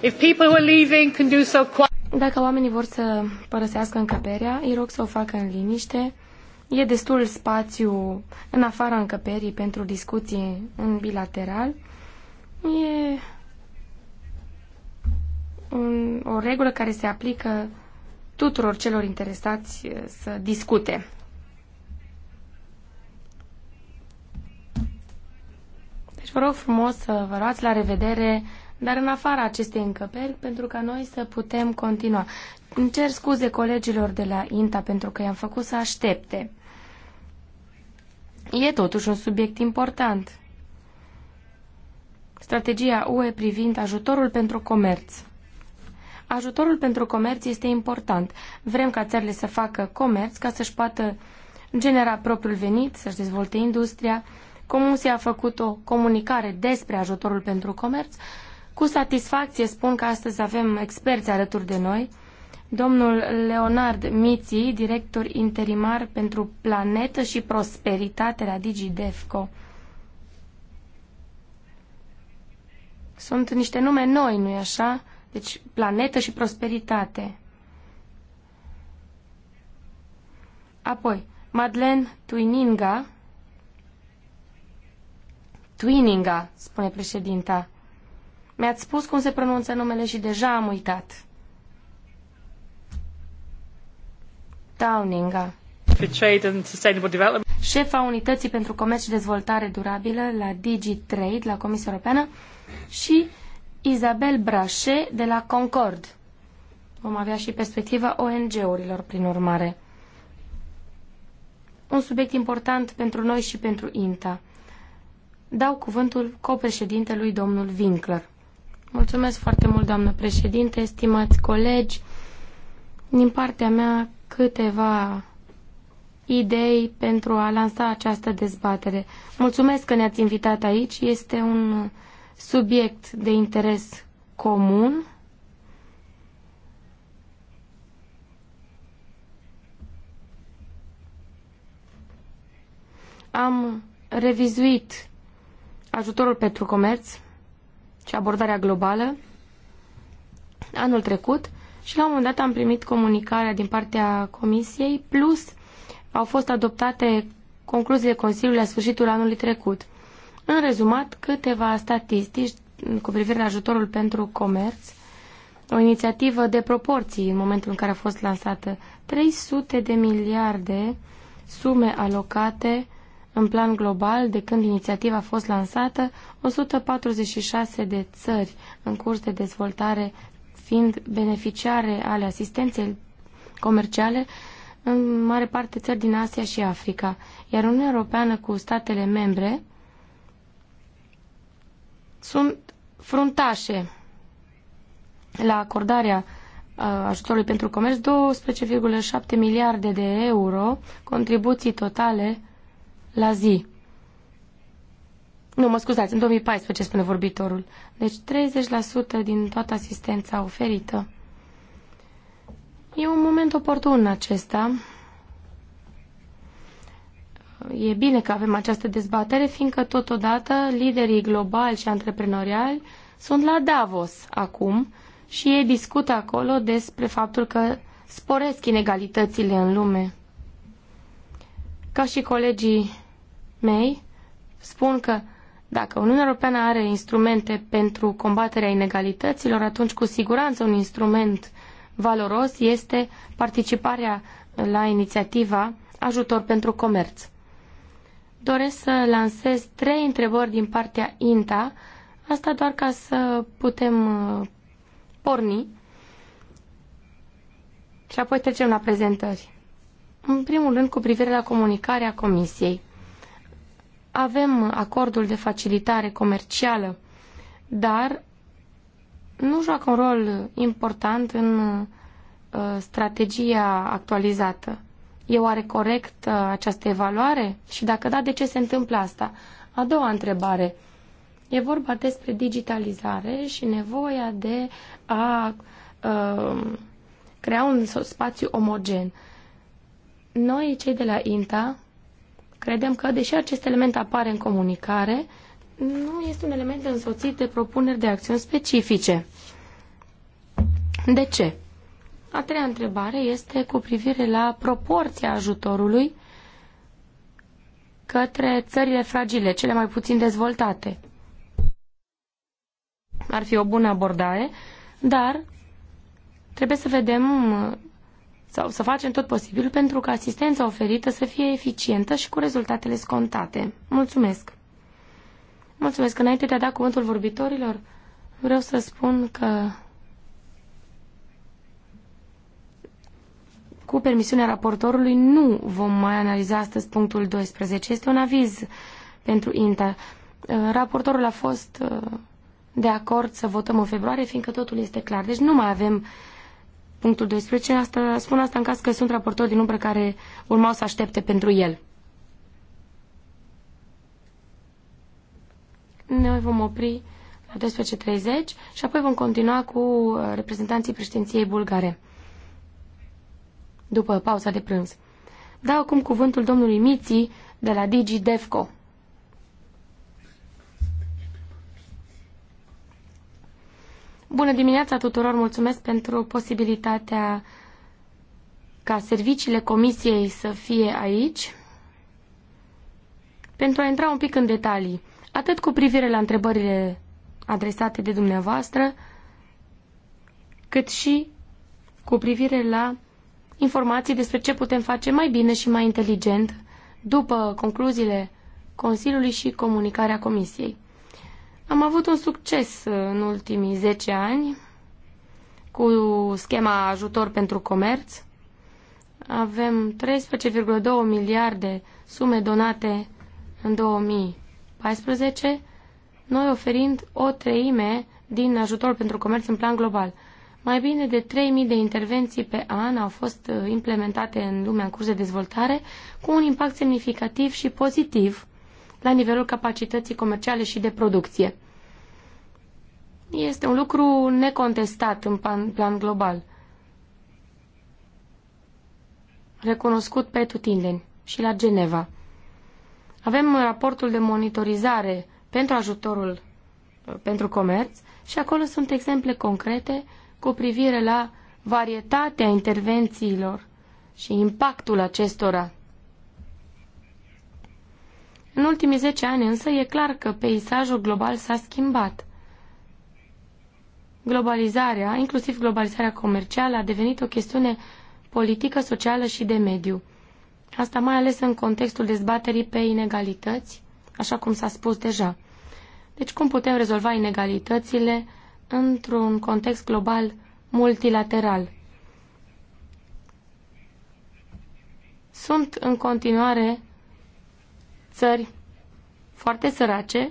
If people who are leaving can do so Dacă oamenii vor să părăsească încăperea, îi rog să o facă în liniște. E destul spațiu în afara încăperii pentru discuții în bilateral. E un, o regulă care se aplică tuturor celor interesați eh, să discute. Deci vă rog frumos să vă luați la revedere dar în afara acestei încăperi, pentru ca noi să putem continua. Îmi cer scuze colegilor de la INTA pentru că i-am făcut să aștepte. E totuși un subiect important. Strategia UE privind ajutorul pentru comerț. Ajutorul pentru comerț este important. Vrem ca țările să facă comerț ca să-și poată genera propriul venit, să-și dezvolte industria. Comisia a făcut o comunicare despre ajutorul pentru comerț cu satisfacție spun că astăzi avem experți alături de noi, domnul Leonard Miții, director interimar pentru Planetă și Prosperitate la DigiDefco. Sunt niște nume noi, nu-i așa? Deci, planetă și prosperitate. Apoi, Madeleine Twininga. Twininga, spune președinta. Mi-ați spus cum se pronunță numele și deja am uitat. Downinga. Șefa Unității pentru Comerț și Dezvoltare Durabilă la DigiTrade, la Comisia Europeană, și Isabel Brașe de la Concord. Vom avea și perspectiva ONG-urilor, prin urmare. Un subiect important pentru noi și pentru INTA. Dau cuvântul copreședintelui domnul Winkler. Mulțumesc foarte mult, doamnă președinte, stimați colegi. Din partea mea, câteva idei pentru a lansa această dezbatere. Mulțumesc că ne-ați invitat aici. Este un subiect de interes comun. Am revizuit ajutorul pentru comerț și abordarea globală anul trecut și la un moment dat am primit comunicarea din partea Comisiei, plus au fost adoptate concluziile Consiliului la sfârșitul anului trecut. În rezumat, câteva statistici cu privire la ajutorul pentru comerț, o inițiativă de proporții în momentul în care a fost lansată. 300 de miliarde sume alocate în plan global, de când inițiativa a fost lansată, 146 de țări în curs de dezvoltare fiind beneficiare ale asistenței comerciale, în mare parte țări din Asia și Africa, iar Uniunea Europeană cu statele membre sunt fruntașe la acordarea uh, ajutorului pentru comerț 12,7 miliarde de euro contribuții totale la zi. Nu, mă scuzați, în 2014 spune vorbitorul. Deci 30% din toată asistența oferită. E un moment oportun acesta. E bine că avem această dezbatere, fiindcă totodată liderii globali și antreprenoriali sunt la Davos acum și ei discută acolo despre faptul că sporesc inegalitățile în lume. Ca și colegii mei spun că dacă Uniunea Europeană are instrumente pentru combaterea inegalităților, atunci cu siguranță un instrument valoros este participarea la inițiativa Ajutor pentru Comerț. Doresc să lansez trei întrebări din partea INTA, asta doar ca să putem uh, porni și apoi trecem la prezentări. În primul rând, cu privire la comunicarea Comisiei. Avem acordul de facilitare comercială, dar nu joacă un rol important în uh, strategia actualizată. E oare corect uh, această evaluare? Și dacă da, de ce se întâmplă asta? A doua întrebare. E vorba despre digitalizare și nevoia de a uh, crea un spațiu omogen. Noi, cei de la INTA, Credem că, deși acest element apare în comunicare, nu este un element însoțit de propuneri de acțiuni specifice. De ce? A treia întrebare este cu privire la proporția ajutorului către țările fragile, cele mai puțin dezvoltate. Ar fi o bună abordare, dar trebuie să vedem sau să facem tot posibilul pentru ca asistența oferită să fie eficientă și cu rezultatele scontate. Mulțumesc! Mulțumesc! Înainte de a da cuvântul vorbitorilor, vreau să spun că cu permisiunea raportorului, nu vom mai analiza astăzi punctul 12. Este un aviz pentru INTA. Raportorul a fost uh, de acord să votăm în februarie, fiindcă totul este clar. Deci nu mai avem punctul 12. Asta, spun asta în caz că sunt raportori din umbră care urmau să aștepte pentru el. Noi vom opri la 12.30 și apoi vom continua cu uh, reprezentanții președinției bulgare după pauza de prânz. Dau acum cuvântul domnului Miții de la Digi DevCo. Bună dimineața tuturor, mulțumesc pentru posibilitatea ca serviciile comisiei să fie aici. Pentru a intra un pic în detalii, atât cu privire la întrebările adresate de dumneavoastră, cât și cu privire la informații despre ce putem face mai bine și mai inteligent după concluziile Consiliului și comunicarea Comisiei. Am avut un succes în ultimii 10 ani cu schema ajutor pentru comerț. Avem 13,2 miliarde sume donate în 2014, noi oferind o treime din ajutor pentru comerț în plan global. Mai bine de 3.000 de intervenții pe an au fost uh, implementate în lumea în curs de dezvoltare, cu un impact semnificativ și pozitiv la nivelul capacității comerciale și de producție. Este un lucru necontestat în plan global, recunoscut pe tutindeni și la Geneva. Avem raportul de monitorizare pentru ajutorul pentru comerț și acolo sunt exemple concrete cu privire la varietatea intervențiilor și impactul acestora în ultimii 10 ani însă e clar că peisajul global s-a schimbat. Globalizarea, inclusiv globalizarea comercială, a devenit o chestiune politică, socială și de mediu. Asta mai ales în contextul dezbaterii pe inegalități, așa cum s-a spus deja. Deci cum putem rezolva inegalitățile într-un context global multilateral? Sunt în continuare țări foarte sărace,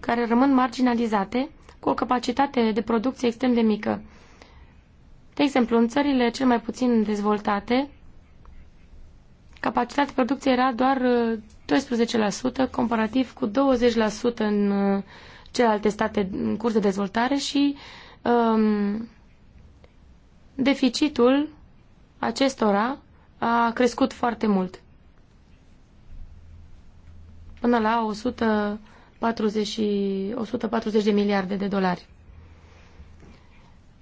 care rămân marginalizate, cu o capacitate de producție extrem de mică. De exemplu, în țările cel mai puțin dezvoltate, capacitatea de producție era doar 12%, uh, comparativ cu 20% în uh, celelalte state în curs de dezvoltare și um, deficitul acestora a crescut foarte mult până la 140, 140 de miliarde de dolari.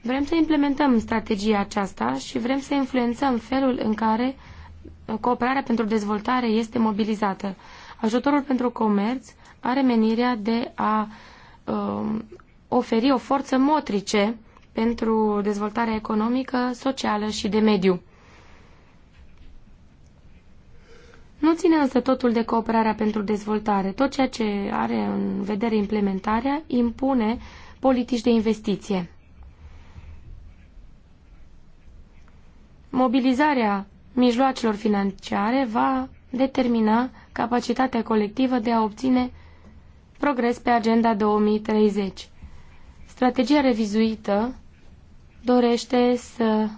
Vrem să implementăm strategia aceasta și vrem să influențăm felul în care uh, cooperarea pentru dezvoltare este mobilizată. Ajutorul pentru comerț are menirea de a um, oferi o forță motrice pentru dezvoltarea economică, socială și de mediu. Nu ține însă totul de cooperarea pentru dezvoltare. Tot ceea ce are în vedere implementarea impune politici de investiție. Mobilizarea mijloacelor financiare va determina capacitatea colectivă de a obține progres pe agenda 2030. Strategia revizuită dorește să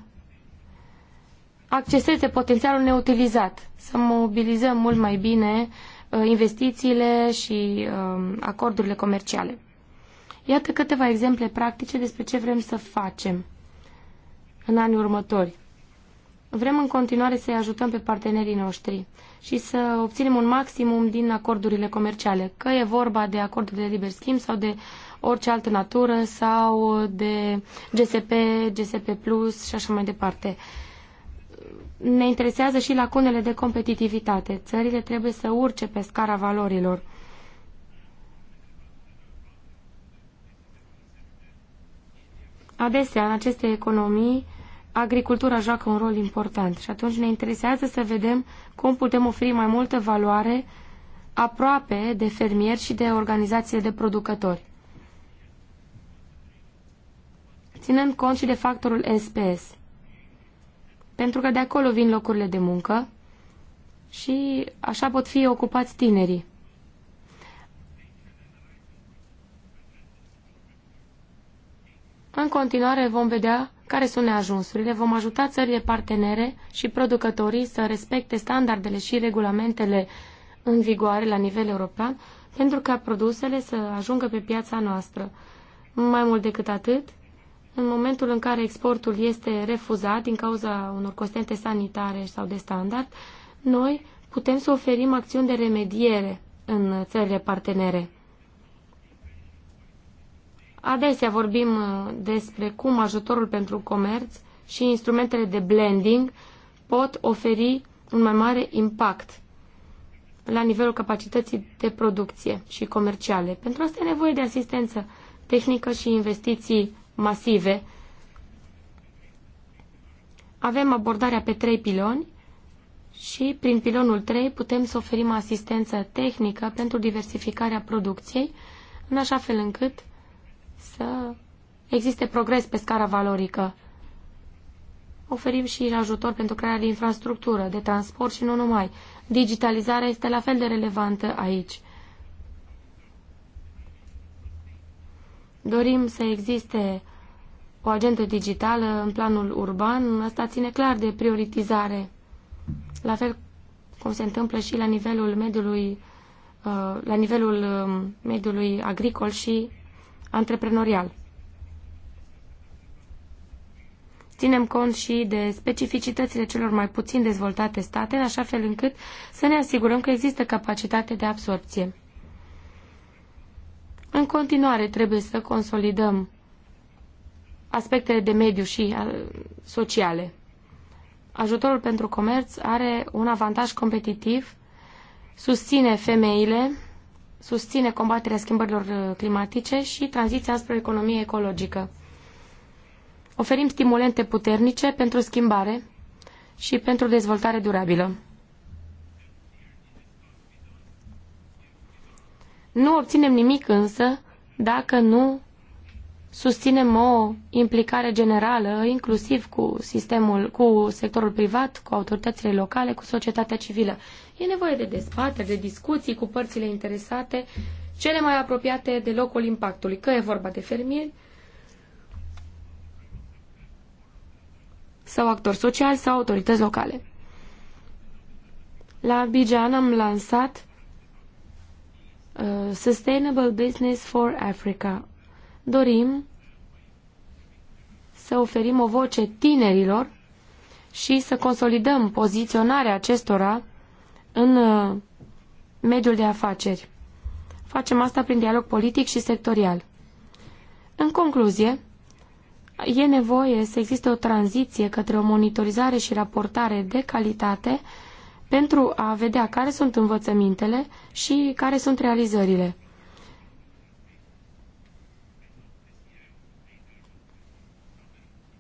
acceseze potențialul neutilizat, să mobilizăm mult mai bine uh, investițiile și um, acordurile comerciale. Iată câteva exemple practice despre ce vrem să facem în anii următori. Vrem în continuare să-i ajutăm pe partenerii noștri și să obținem un maximum din acordurile comerciale, că e vorba de acorduri de liber schimb sau de orice altă natură sau de GSP, GSP Plus și așa mai departe ne interesează și lacunele de competitivitate. Țările trebuie să urce pe scara valorilor. Adesea, în aceste economii, agricultura joacă un rol important și atunci ne interesează să vedem cum putem oferi mai multă valoare aproape de fermieri și de organizațiile de producători. Ținând cont și de factorul SPS pentru că de acolo vin locurile de muncă și așa pot fi ocupați tinerii. În continuare vom vedea care sunt neajunsurile, vom ajuta țările partenere și producătorii să respecte standardele și regulamentele în vigoare la nivel european pentru ca produsele să ajungă pe piața noastră. Mai mult decât atât, în momentul în care exportul este refuzat din cauza unor constante sanitare sau de standard, noi putem să oferim acțiuni de remediere în țările partenere. Adesea vorbim uh, despre cum ajutorul pentru comerț și instrumentele de blending pot oferi un mai mare impact la nivelul capacității de producție și comerciale. Pentru asta e nevoie de asistență tehnică și investiții masive. Avem abordarea pe trei piloni și prin pilonul 3 putem să oferim asistență tehnică pentru diversificarea producției, în așa fel încât să existe progres pe scara valorică. Oferim și ajutor pentru crearea de infrastructură, de transport și nu numai. Digitalizarea este la fel de relevantă aici – Dorim să existe o agentă digitală în planul urban. Asta ține clar de prioritizare. La fel cum se întâmplă și la nivelul mediului, uh, la nivelul um, mediului agricol și antreprenorial. Ținem cont și de specificitățile celor mai puțin dezvoltate state, în așa fel încât să ne asigurăm că există capacitate de absorpție. În continuare trebuie să consolidăm aspectele de mediu și uh, sociale. Ajutorul pentru comerț are un avantaj competitiv, susține femeile, susține combaterea schimbărilor uh, climatice și tranziția spre economie ecologică. Oferim stimulente puternice pentru schimbare și pentru dezvoltare durabilă. Nu obținem nimic însă dacă nu susținem o implicare generală, inclusiv cu sistemul, cu sectorul privat, cu autoritățile locale, cu societatea civilă. E nevoie de dezbateri, de discuții cu părțile interesate, cele mai apropiate de locul impactului, că e vorba de fermieri sau actori sociali sau autorități locale. La Bijan am lansat Uh, Sustainable Business for Africa. Dorim să oferim o voce tinerilor și să consolidăm poziționarea acestora în uh, mediul de afaceri. Facem asta prin dialog politic și sectorial. În concluzie, e nevoie să existe o tranziție către o monitorizare și raportare de calitate pentru a vedea care sunt învățămintele și care sunt realizările.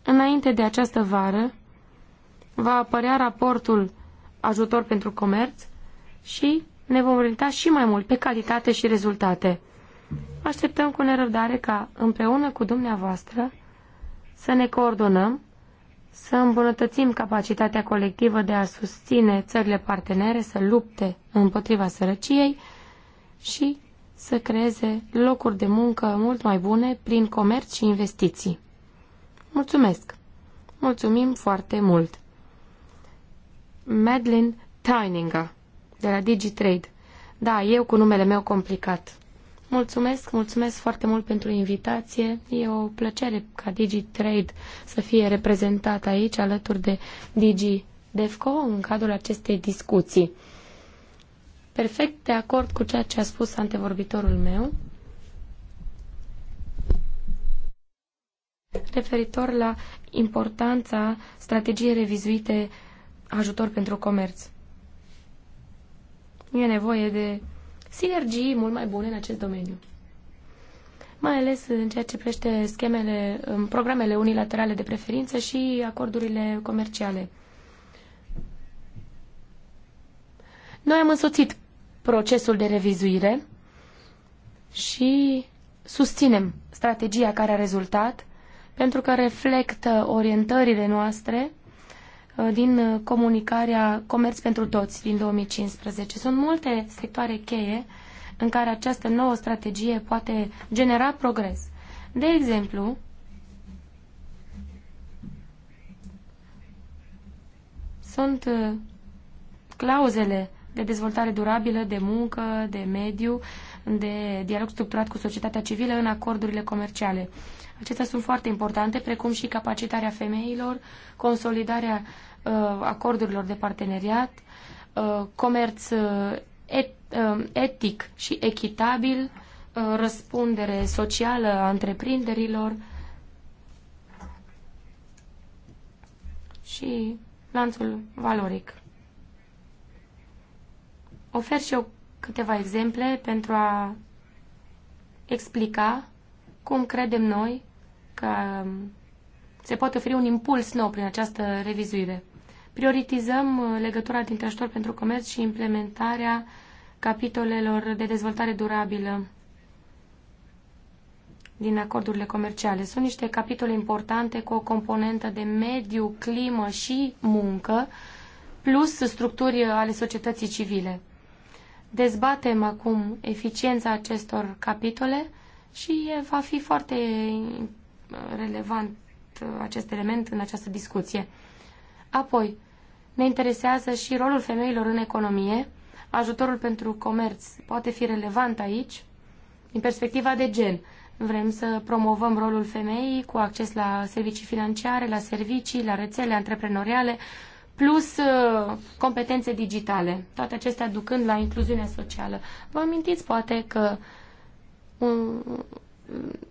Înainte de această vară va apărea raportul ajutor pentru comerț și ne vom orienta și mai mult pe calitate și rezultate. Așteptăm cu nerăbdare ca, împreună cu dumneavoastră, să ne coordonăm să îmbunătățim capacitatea colectivă de a susține țările partenere să lupte împotriva sărăciei și să creeze locuri de muncă mult mai bune prin comerț și investiții. Mulțumesc! Mulțumim foarte mult! Madeline Teininger, de la DigiTrade. Da, eu cu numele meu complicat. Mulțumesc, mulțumesc foarte mult pentru invitație. E o plăcere ca DigiTrade să fie reprezentat aici alături de Digi DEFCO în cadrul acestei discuții. Perfect de acord cu ceea ce a spus antevorbitorul meu. referitor la importanța strategiei revizuite ajutor pentru comerț. E nevoie de sinergii mult mai bune în acest domeniu. Mai ales în ceea ce privește schemele, programele unilaterale de preferință și acordurile comerciale. Noi am însoțit procesul de revizuire și susținem strategia care a rezultat pentru că reflectă orientările noastre Uh, din uh, comunicarea Comerț pentru Toți din 2015. Sunt multe sectoare cheie în care această nouă strategie poate genera progres. De exemplu, sunt uh, clauzele de dezvoltare durabilă, de muncă, de mediu, de dialog structurat cu societatea civilă în acordurile comerciale. Acestea sunt foarte importante, precum și capacitarea femeilor, consolidarea uh, acordurilor de parteneriat, uh, comerț uh, et, uh, etic și echitabil, uh, răspundere socială a întreprinderilor și lanțul valoric. Ofer și eu câteva exemple pentru a explica cum credem noi că se poate oferi un impuls nou prin această revizuire. Prioritizăm legătura dintre ajutor pentru comerț și implementarea capitolelor de dezvoltare durabilă din acordurile comerciale. Sunt niște capitole importante cu o componentă de mediu, climă și muncă, plus structuri ale societății civile. Dezbatem acum eficiența acestor capitole și va fi foarte relevant uh, acest element în această discuție. Apoi, ne interesează și rolul femeilor în economie. Ajutorul pentru comerț poate fi relevant aici, din perspectiva de gen. Vrem să promovăm rolul femeii cu acces la servicii financiare, la servicii, la rețele antreprenoriale, plus uh, competențe digitale, toate acestea ducând la incluziunea socială. Vă amintiți poate că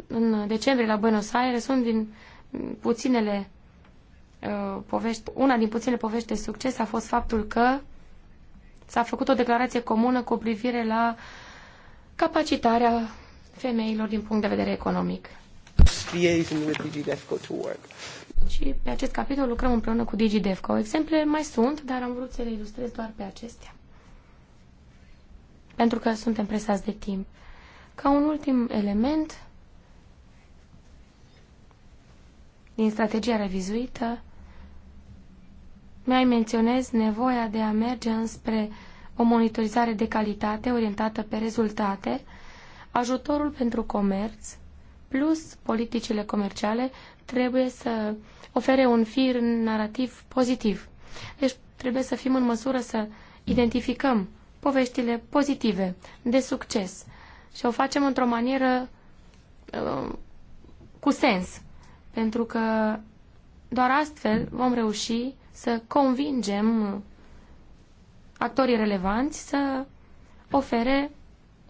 în decembrie la Buenos Aires, sunt din puținele uh, povești, una din puținele povești de succes a fost faptul că s-a făcut o declarație comună cu privire la capacitarea femeilor din punct de vedere economic. Și pe acest capitol lucrăm împreună cu DigiDevco. Exemple mai sunt, dar am vrut să le ilustrez doar pe acestea. Pentru că suntem presați de timp. Ca un ultim element din strategia revizuită, mai menționez nevoia de a merge înspre o monitorizare de calitate orientată pe rezultate, ajutorul pentru comerț, plus politicile comerciale, trebuie să ofere un fir narrativ pozitiv. Deci trebuie să fim în măsură să identificăm poveștile pozitive, de succes, și o facem într-o manieră uh, cu sens, pentru că doar astfel vom reuși să convingem actorii relevanți să ofere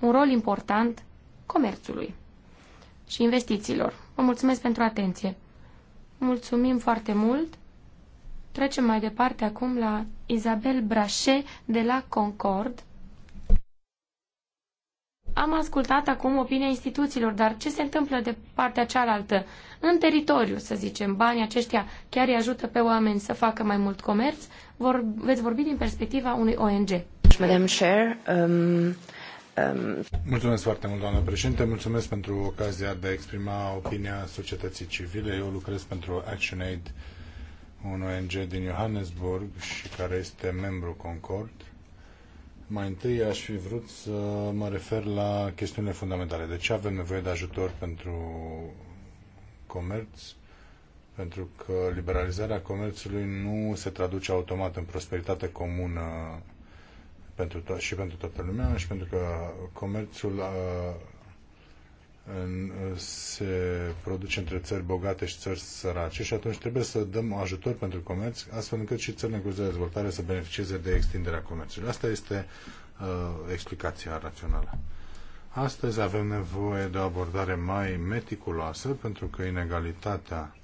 un rol important comerțului și investițiilor. Vă mulțumesc pentru atenție. Mulțumim foarte mult. Trecem mai departe acum la Isabel Brașe de la Concord am ascultat acum opinia instituțiilor, dar ce se întâmplă de partea cealaltă? În teritoriu, să zicem, banii aceștia chiar îi ajută pe oameni să facă mai mult comerț? Vor, veți vorbi din perspectiva unui ONG. Madam Chair, um, um... Mulțumesc foarte mult, doamnă președinte. Mulțumesc pentru ocazia de a exprima opinia societății civile. Eu lucrez pentru ActionAid, un ONG din Johannesburg și care este membru Concord mai întâi aș fi vrut să mă refer la chestiunile fundamentale. De ce avem nevoie de ajutor pentru comerț? Pentru că liberalizarea comerțului nu se traduce automat în prosperitate comună pentru to- și pentru toată lumea și pentru că comerțul uh, în, se produce între țări bogate și țări sărace și atunci trebuie să dăm ajutor pentru comerț, astfel încât și țările în curs de dezvoltare să beneficieze de extinderea comerțului. Asta este uh, explicația rațională. Astăzi avem nevoie de o abordare mai meticuloasă, pentru că inegalitatea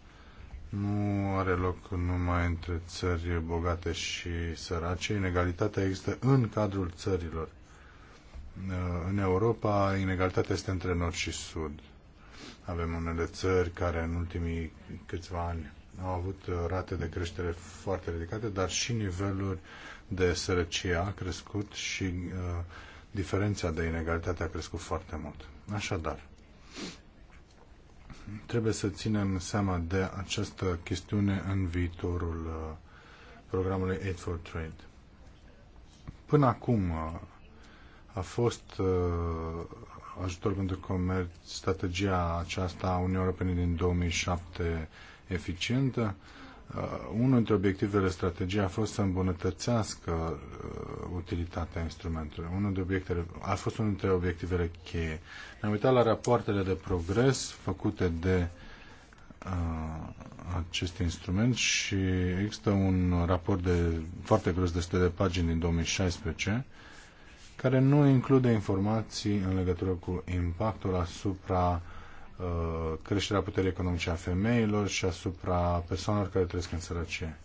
nu are loc numai între țări bogate și sărace. Inegalitatea există în cadrul țărilor în Europa, inegalitatea este între nord și sud. Avem unele țări care în ultimii câțiva ani au avut uh, rate de creștere foarte ridicate, dar și niveluri de sărăcie a crescut și uh, diferența de inegalitate a crescut foarte mult. Așadar, trebuie să ținem seama de această chestiune în viitorul uh, programului Aid for Trade. Până acum, uh, a fost uh, ajutor pentru comerț, strategia aceasta a Uniunii Europene din 2007 eficientă. Uh, unul dintre obiectivele strategiei a fost să îmbunătățească uh, utilitatea instrumentului. Unul dintre obiectele, a fost unul dintre obiectivele cheie. Ne-am uitat la rapoartele de progres făcute de uh, acest instrument și există un raport de foarte gros de 100 de pagini din 2016 care nu include informații în legătură cu impactul asupra uh, creșterea puterii economice a femeilor și asupra persoanelor care trăiesc în sărăcie.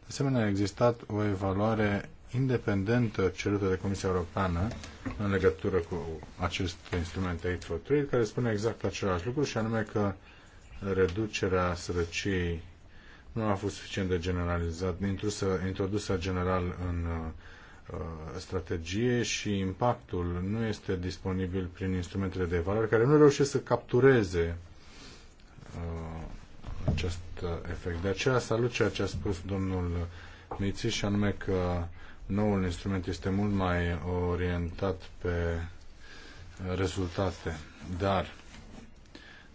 De asemenea, a existat o evaluare independentă cerută de Comisia Europeană în legătură cu acest instrument Aid for Trade, care spune exact același lucru și anume că reducerea sărăciei nu a fost suficient de generalizat, introdusă general în uh, Uh, strategie și impactul nu este disponibil prin instrumentele de evaluare care nu reușesc să captureze uh, acest uh, efect. De aceea salut ceea ce a spus domnul Miți și anume că noul instrument este mult mai orientat pe rezultate, dar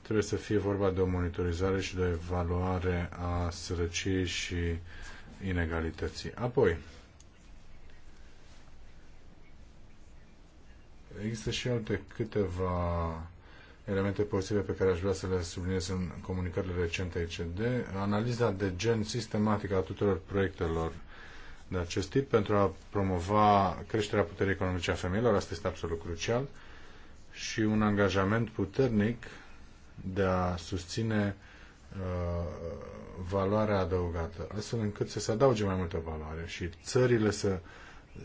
trebuie să fie vorba de o monitorizare și de o evaluare a sărăciei și inegalității. Apoi, Există și alte câteva elemente pozitive pe care aș vrea să le subliniez în comunicările recente ECD. Analiza de gen sistematică a tuturor proiectelor de acest tip pentru a promova creșterea puterii economice a femeilor, asta este absolut crucial, și un angajament puternic de a susține uh, valoarea adăugată, astfel încât să se adauge mai multă valoare și țările să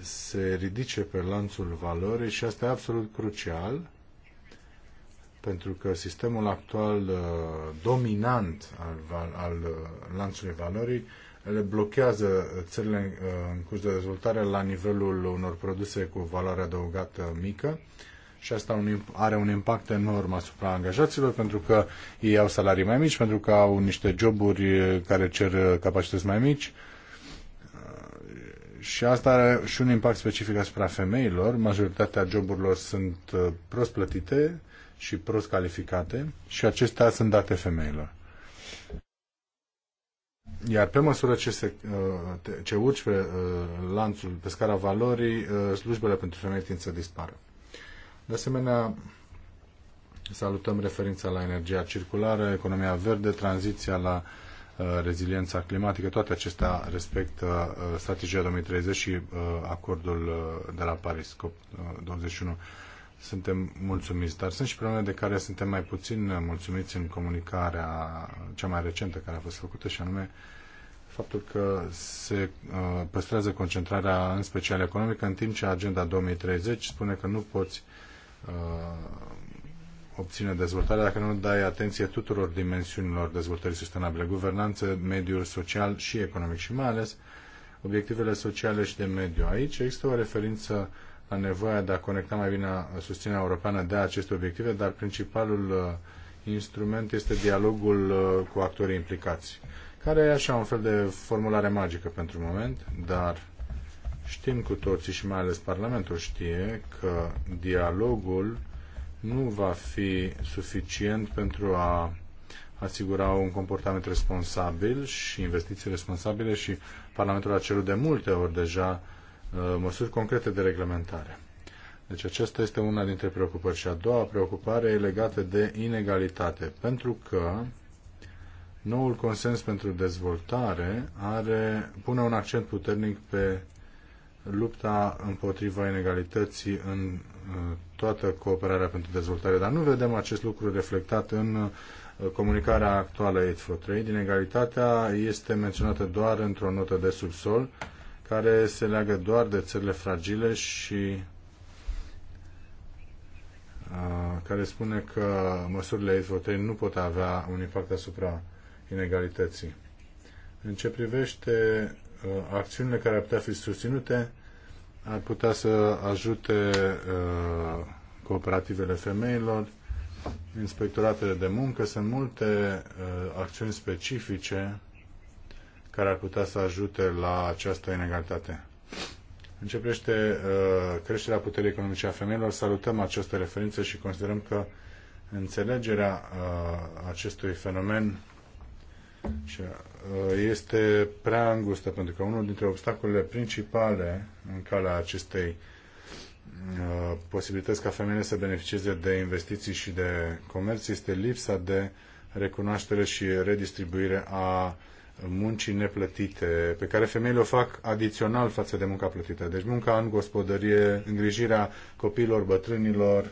se ridice pe lanțul valorii și asta e absolut crucial pentru că sistemul actual uh, dominant al, al uh, lanțului valorii le blochează țările uh, în curs de dezvoltare la nivelul unor produse cu valoare adăugată mică și asta un, are un impact enorm asupra angajaților pentru că ei au salarii mai mici, pentru că au niște joburi care cer capacități mai mici și asta are și un impact specific asupra femeilor. Majoritatea joburilor sunt uh, prost plătite și prost calificate și acestea sunt date femeilor. Iar pe măsură ce, se, uh, ce urci pe uh, lanțul, pe scara valorii, slujbele pentru femei tind să dispară. De asemenea, salutăm referința la energia circulară, economia verde, tranziția la uh, Uh, reziliența climatică, toate acestea respectă uh, strategia 2030 și uh, acordul de la Paris, COP21. Suntem mulțumiți, dar sunt și probleme de care suntem mai puțin mulțumiți în comunicarea cea mai recentă care a fost făcută și anume faptul că se păstrează concentrarea în special economică, în timp ce agenda 2030 spune că nu poți obține dezvoltare dacă nu dai atenție tuturor dimensiunilor dezvoltării sustenabile, guvernanță, mediul social și economic și mai ales obiectivele sociale și de mediu. Aici există o referință la nevoia de a conecta mai bine susținerea europeană de aceste obiective, dar principalul uh, instrument este dialogul uh, cu actorii implicați, care e așa un fel de formulare magică pentru moment, dar știm cu toții și mai ales Parlamentul știe că dialogul nu va fi suficient pentru a asigura un comportament responsabil și investiții responsabile și Parlamentul a cerut de multe ori deja uh, măsuri concrete de reglementare. Deci aceasta este una dintre preocupări. Și a doua preocupare e legată de inegalitate, pentru că noul consens pentru dezvoltare are, pune un accent puternic pe lupta împotriva inegalității în uh, toată cooperarea pentru dezvoltare, dar nu vedem acest lucru reflectat în uh, comunicarea actuală Aid for Trade. Inegalitatea este menționată doar într-o notă de subsol care se leagă doar de țările fragile și uh, care spune că măsurile Aid for Trade nu pot avea un impact asupra inegalității. În ce privește Uh, acțiunile care ar putea fi susținute ar putea să ajute uh, cooperativele femeilor, inspectoratele de muncă. Sunt multe uh, acțiuni specifice care ar putea să ajute la această inegalitate. Începește creșterea puterii economice a femeilor. Salutăm această referință și considerăm că înțelegerea acestui fenomen și uh, este prea îngustă, pentru că unul dintre obstacolele principale în calea acestei uh, posibilități ca femeile să beneficieze de investiții și de comerț este lipsa de recunoaștere și redistribuire a muncii neplătite, pe care femeile o fac adițional față de munca plătită. Deci munca în gospodărie, îngrijirea copiilor, bătrânilor,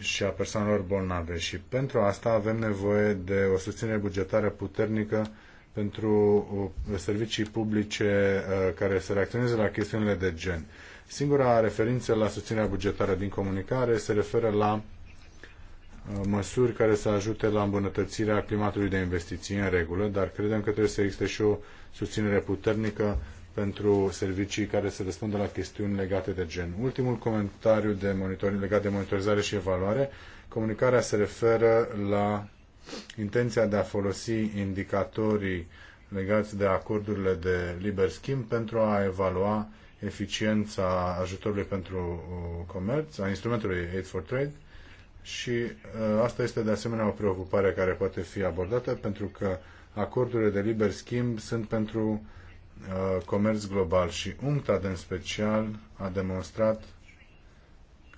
și a persoanelor bolnave și pentru asta avem nevoie de o susținere bugetară puternică pentru uh, servicii publice uh, care să reacționeze la chestiunile de gen. Singura referință la susținerea bugetară din comunicare se referă la uh, măsuri care să ajute la îmbunătățirea climatului de investiții în regulă, dar credem că trebuie să existe și o susținere puternică pentru servicii care să se răspundă la chestiuni legate de gen. Ultimul comentariu de monitor, legat de monitorizare și evaluare. Comunicarea se referă la intenția de a folosi indicatorii legați de acordurile de liber schimb pentru a evalua eficiența ajutorului pentru uh, comerț, a instrumentului Aid for Trade și uh, asta este de asemenea o preocupare care poate fi abordată pentru că acordurile de liber schimb sunt pentru Uh, comerț global și UNCTAD în special a demonstrat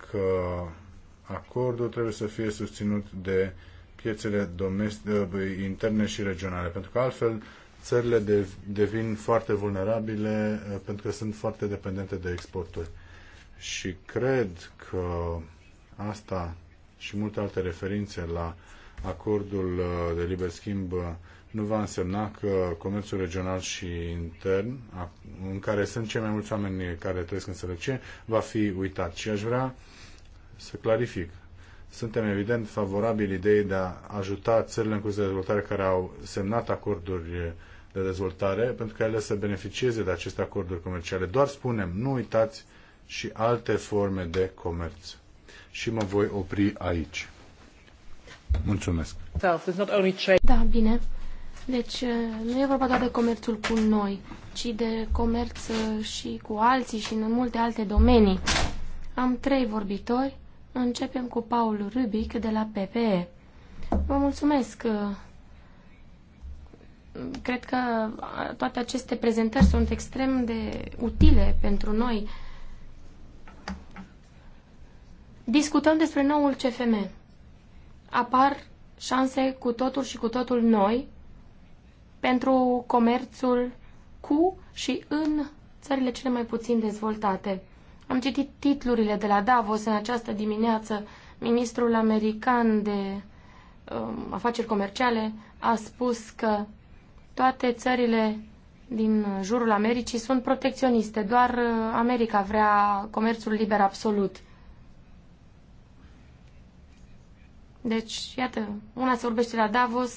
că acordul trebuie să fie susținut de piețele uh, interne și regionale, pentru că altfel țările de, devin foarte vulnerabile uh, pentru că sunt foarte dependente de exporturi. Și cred că asta și multe alte referințe la acordul de liber schimb nu va însemna că comerțul regional și intern, în care sunt cei mai mulți oameni care trăiesc în sărăcie, va fi uitat. Și aș vrea să clarific. Suntem evident favorabili ideii de a ajuta țările în curs de dezvoltare care au semnat acorduri de dezvoltare pentru că ele să beneficieze de aceste acorduri comerciale. Doar spunem, nu uitați și alte forme de comerț. Și mă voi opri aici. Mulțumesc. Da, bine. Deci eh, nu e vorba doar de comerțul cu noi, ci de comerț eh, și cu alții și în multe alte domenii. Am trei vorbitori. Începem cu Paul Rubic de la PPE. Vă mulțumesc! Eh, cred că toate aceste prezentări sunt extrem de utile pentru noi. Discutăm despre noul CFM. Apar șanse cu totul și cu totul noi pentru comerțul cu și în țările cele mai puțin dezvoltate. Am citit titlurile de la Davos în această dimineață. Ministrul american de um, afaceri comerciale a spus că toate țările din jurul Americii sunt protecționiste. Doar uh, America vrea comerțul liber absolut. Deci, iată, una se vorbește la Davos,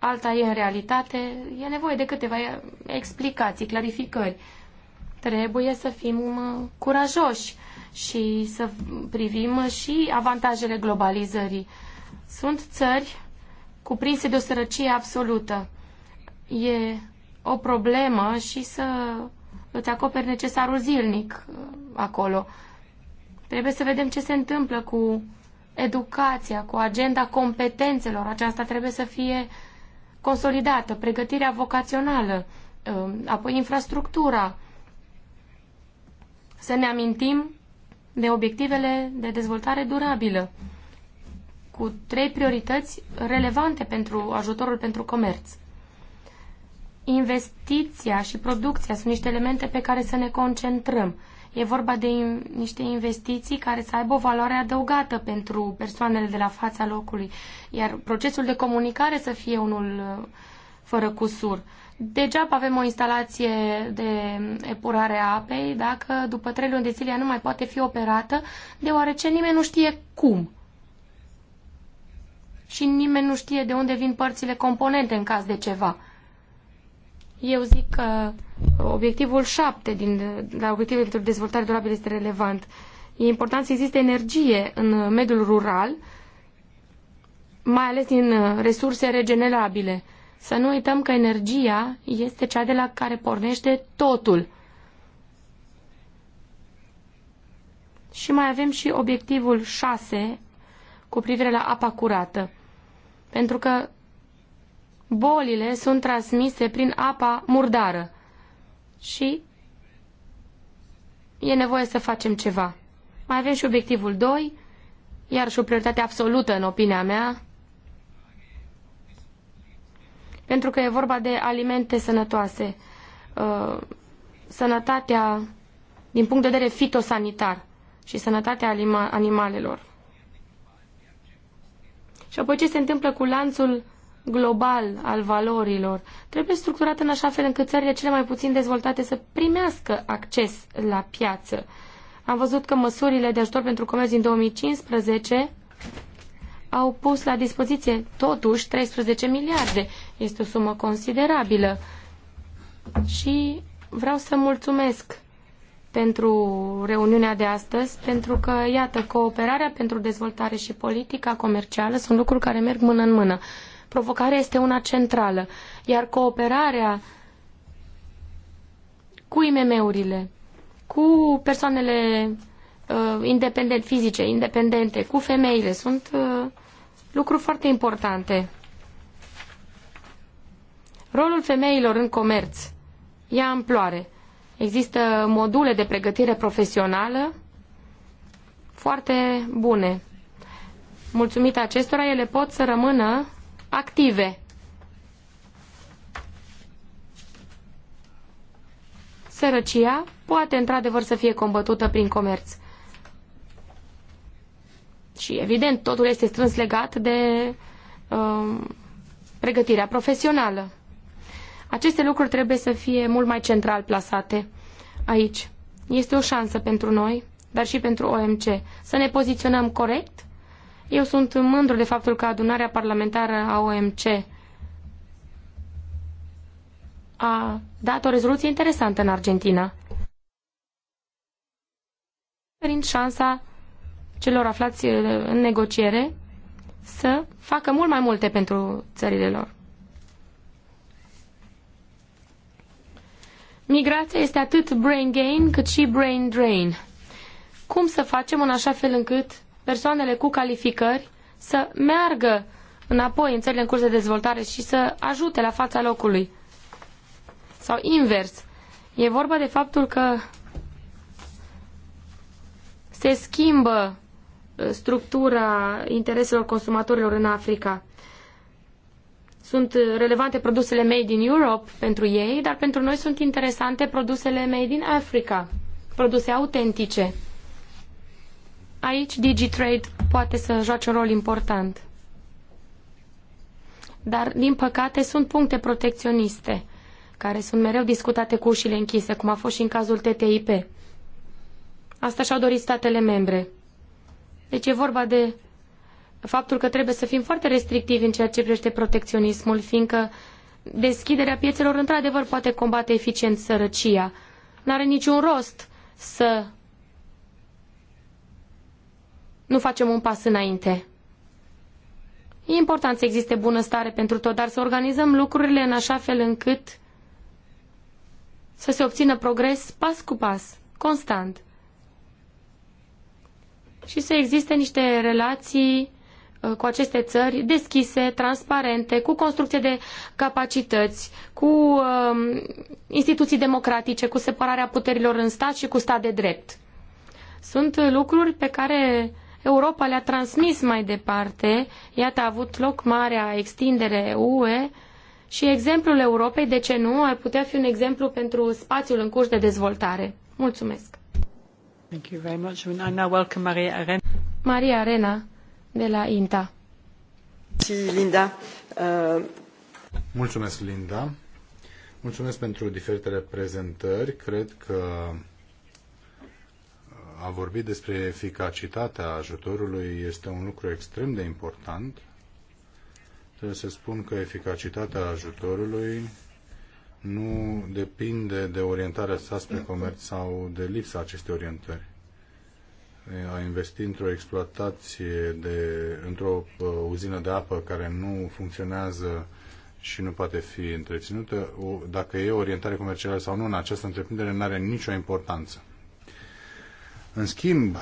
alta e în realitate, e nevoie de câteva explicații, clarificări. Trebuie să fim uh, curajoși și să privim și avantajele globalizării. Sunt țări cuprinse de o sărăcie absolută. E o problemă și să îți acoperi necesarul zilnic uh, acolo. Trebuie să vedem ce se întâmplă cu educația, cu agenda competențelor. Aceasta trebuie să fie consolidată, pregătirea vocațională, um, apoi infrastructura. Să ne amintim de obiectivele de dezvoltare durabilă, cu trei priorități relevante pentru ajutorul pentru comerț. Investiția și producția sunt niște elemente pe care să ne concentrăm. E vorba de niște investiții care să aibă o valoare adăugată pentru persoanele de la fața locului, iar procesul de comunicare să fie unul uh, fără cusur. Degeaba avem o instalație de epurare a apei dacă după trei luni de zile nu mai poate fi operată, deoarece nimeni nu știe cum. Și nimeni nu știe de unde vin părțile componente în caz de ceva. Eu zic că obiectivul 7 din, la obiectivul de dezvoltare durabilă este relevant. E important să existe energie în mediul rural, mai ales din uh, resurse regenerabile. Să nu uităm că energia este cea de la care pornește totul. Și mai avem și obiectivul 6 cu privire la apa curată. Pentru că bolile sunt transmise prin apa murdară și e nevoie să facem ceva. Mai avem și obiectivul 2, iar și o prioritate absolută în opinia mea, pentru că e vorba de alimente sănătoase, uh, sănătatea din punct de vedere fitosanitar și sănătatea anima animalelor. Și apoi ce se întâmplă cu lanțul global al valorilor trebuie structurat în așa fel încât țările cele mai puțin dezvoltate să primească acces la piață. Am văzut că măsurile de ajutor pentru comerț din 2015 au pus la dispoziție totuși 13 miliarde. Este o sumă considerabilă. Și vreau să mulțumesc pentru reuniunea de astăzi, pentru că, iată, cooperarea pentru dezvoltare și politica comercială sunt lucruri care merg mână în mână provocarea este una centrală, iar cooperarea cu IMM-urile, cu persoanele uh, independent, fizice, independente, cu femeile, sunt uh, lucruri foarte importante. Rolul femeilor în comerț ia amploare. Există module de pregătire profesională foarte bune. Mulțumită acestora, ele pot să rămână active. Sărăcia poate într-adevăr să fie combătută prin comerț. Și evident, totul este strâns legat de uh, pregătirea profesională. Aceste lucruri trebuie să fie mult mai central plasate aici. Este o șansă pentru noi, dar și pentru OMC, să ne poziționăm corect eu sunt mândru de faptul că adunarea parlamentară a OMC a dat o rezoluție interesantă în Argentina, oferind șansa celor aflați eh, în negociere să facă mult mai multe pentru țările lor. Migrația este atât brain gain cât și brain drain. Cum să facem în așa fel încât persoanele cu calificări să meargă înapoi în țările în curs de dezvoltare și să ajute la fața locului. Sau invers. E vorba de faptul că se schimbă uh, structura intereselor consumatorilor în Africa. Sunt uh, relevante produsele made in Europe pentru ei, dar pentru noi sunt interesante produsele made in Africa, produse autentice. Aici DigiTrade poate să joace un rol important. Dar, din păcate, sunt puncte protecționiste care sunt mereu discutate cu ușile închise, cum a fost și în cazul TTIP. Asta și-au dorit statele membre. Deci e vorba de faptul că trebuie să fim foarte restrictivi în ceea ce privește protecționismul, fiindcă deschiderea piețelor într-adevăr poate combate eficient sărăcia. N-are niciun rost să nu facem un pas înainte. E important să existe bunăstare pentru tot, dar să organizăm lucrurile în așa fel încât să se obțină progres pas cu pas, constant. Și să existe niște relații uh, cu aceste țări deschise, transparente, cu construcție de capacități, cu uh, instituții democratice, cu separarea puterilor în stat și cu stat de drept. Sunt lucruri pe care uh, Europa le-a transmis mai departe. Iată, a avut loc marea extindere UE și exemplul Europei, de ce nu, ar putea fi un exemplu pentru spațiul în curs de dezvoltare. Mulțumesc! Thank you very much. I now welcome Maria Arena. Maria Arena de la INTA. Linda. Uh, Mulțumesc, Linda. Mulțumesc pentru diferitele prezentări. Cred că a vorbi despre eficacitatea ajutorului este un lucru extrem de important. Trebuie să spun că eficacitatea ajutorului nu depinde de orientarea sa spre comerț sau de lipsa acestei orientări. A investi într-o exploatație, de, într-o uh, uzină de apă care nu funcționează și nu poate fi întreținută, dacă e orientare comercială sau nu în această întreprindere, nu are nicio importanță. În schimb,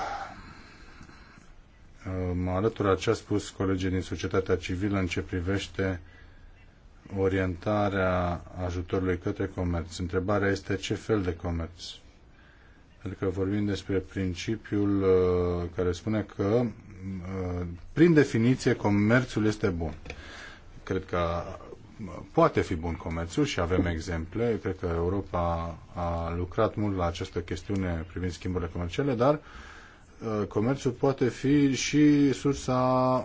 mă alătur la ce a spus colegii din societatea civilă în ce privește orientarea ajutorului către comerț. Întrebarea este ce fel de comerț? Pentru că vorbim despre principiul uh, care spune că, uh, prin definiție, comerțul este bun. Cred că poate fi bun comerțul și avem exemple. Cred că Europa a lucrat mult la această chestiune privind schimburile comerciale, dar uh, comerțul poate fi și sursa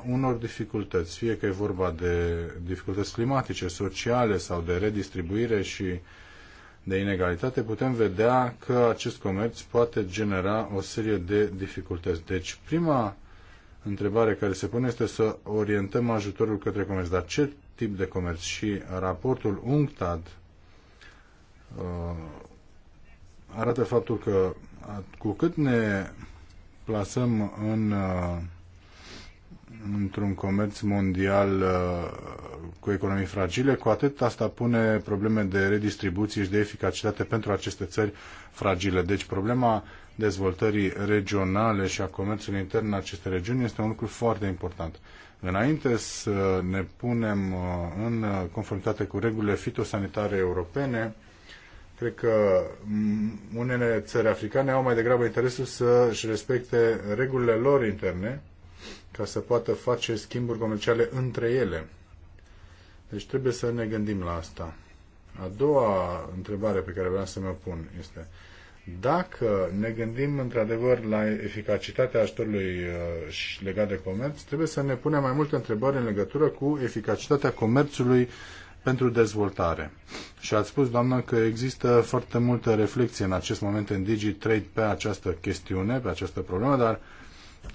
unor dificultăți, fie că e vorba de dificultăți climatice, sociale sau de redistribuire și de inegalitate, putem vedea că acest comerț poate genera o serie de dificultăți. Deci, prima întrebare care se pune este să orientăm ajutorul către comerț. Dar ce tip de comerț și raportul UNCTAD uh, arată faptul că cu cât ne plasăm în uh, într-un comerț mondial uh, cu economii fragile, cu atât asta pune probleme de redistribuție și de eficacitate pentru aceste țări fragile. Deci problema dezvoltării regionale și a comerțului intern în aceste regiuni este un lucru foarte important. Înainte să ne punem uh, în conformitate cu regulile fitosanitare europene, cred că unele țări africane au mai degrabă interesul să își respecte regulile lor interne ca să poată face schimburi comerciale între ele. Deci trebuie să ne gândim la asta. A doua întrebare pe care vreau să mi-o pun este dacă ne gândim într-adevăr la eficacitatea ajutorului uh, legat de comerț, trebuie să ne punem mai multe întrebări în legătură cu eficacitatea comerțului pentru dezvoltare. Și ați spus, doamnă, că există foarte multă reflexie în acest moment în DigiTrade pe această chestiune, pe această problemă, dar